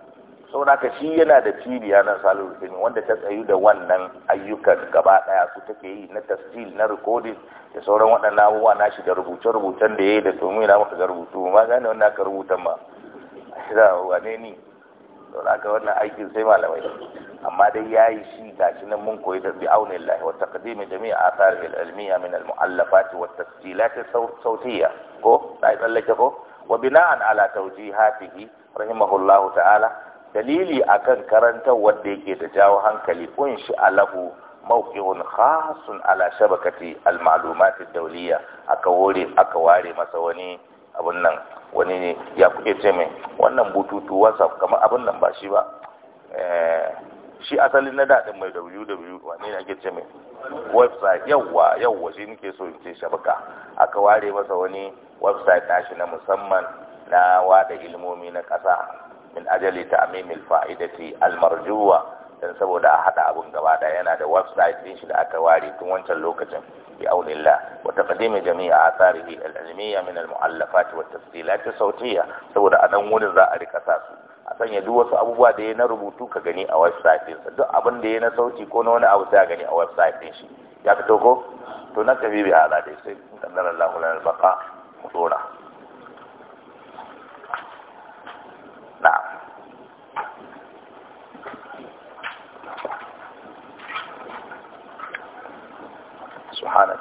Speaker 1: samu da aka shi yana da cibiya na salon rufini wanda ta tsayu da wannan ayyukan gaba daya su take yi na tasjil na recording da sauran waɗannan abubuwa shi, da rubuce-rubucen da ya yi da domin na maka rubutu ma gane wannan aka rubutan ma kira wane ne to haka wannan aikin sai malamai amma dai yayi shi gashi nan mun koyi da bi aunin lahi wa taqdim jami' athar al ilmiya min al muallafat wa tasjilat sawtiyya ko sai tsallake ko wa bina'an ala tawjihatihi rahimahullahu ta'ala dalili akan karantar wanda yake da jawo hankali kun shi alahu mawqihun khasun ala shabakati al ma'lumat ad dawliya aka wore aka ware masa wani abin nan wani ne ya kuke ce mai wannan bututu whatsapp kamar abin nan ba shi ba eh, shi asalin na daɗin mai www e, wani ne ake ce mai website yawwa yawwa shi nike so in ce shabuka aka ware masa wani website nashi na musamman na wada ilmomi na ƙasa min ajali ta amimil fa'idati almarjuwa dan saboda a hada abun gaba da yana da website din shi da aka ware tun wancan lokacin bi aulillah wa taqdimi jami'a atharihi al-ilmiyya min al-mu'allafat wa tafsilat as-sawtiyya saboda a dan wurin za a rika sa su a sanya duk wasu abubuwa da ya na rubutu ka gani a website din duk abin da ya na sauti ko na wani abu sai a gani a website din shi ya fito ko to na tafi bi ala dai sai in kaddara Allahu lana al-baqa mu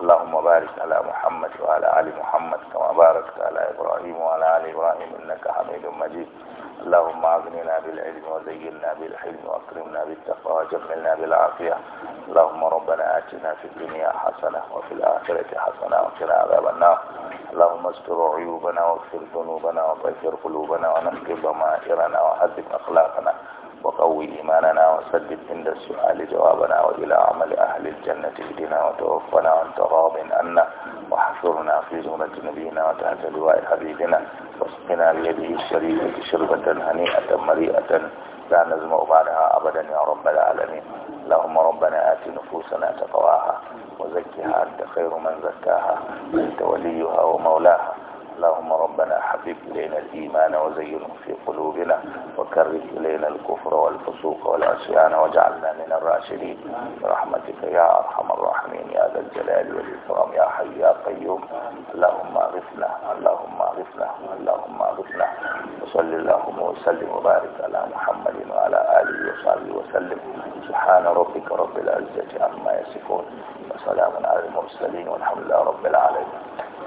Speaker 1: اللهم بارك على محمد وعلى آل محمد كما باركت على إبراهيم وعلى آل إبراهيم إنك حميد مجيد اللهم أغننا بالعلم وزينا بالحلم وأكرمنا بالتقوى وجملنا بالعافية اللهم ربنا آتنا في الدنيا حسنة وفي الآخرة حسنة وقنا عذاب النار اللهم استر عيوبنا واغفر ذنوبنا وطهر قلوبنا ونقي ضمائرنا وهذب أخلاقنا وقوي إيماننا وسدد عند السؤال جوابنا وإلى عمل أهل الجنة اهدنا وتوفنا عن راض عنا وحفرنا في زمرة نبينا وتحت لواء حبيبنا واسقنا بيده الشريفة شربة هنيئة مريئة لا نزمع بعدها أبدا يا رب العالمين اللهم ربنا آت نفوسنا تقواها وزكها أنت خير من زكاها أنت وليها ومولاها اللهم ربنا حبب إلينا الإيمان وزينه في قلوبنا وكره إلينا الكفر والفسوق والعصيان واجعلنا من الراشدين برحمتك يا أرحم الراحمين يا ذا الجلال والإكرام يا حي يا قيوم اللهم اغثنا اللهم اغثنا اللهم اغثنا وصل اللهم وسلم وبارك على محمد وعلى آله وصحبه وسلم سبحان ربك رب العزة عما يصفون وسلام على المرسلين والحمد لله رب العالمين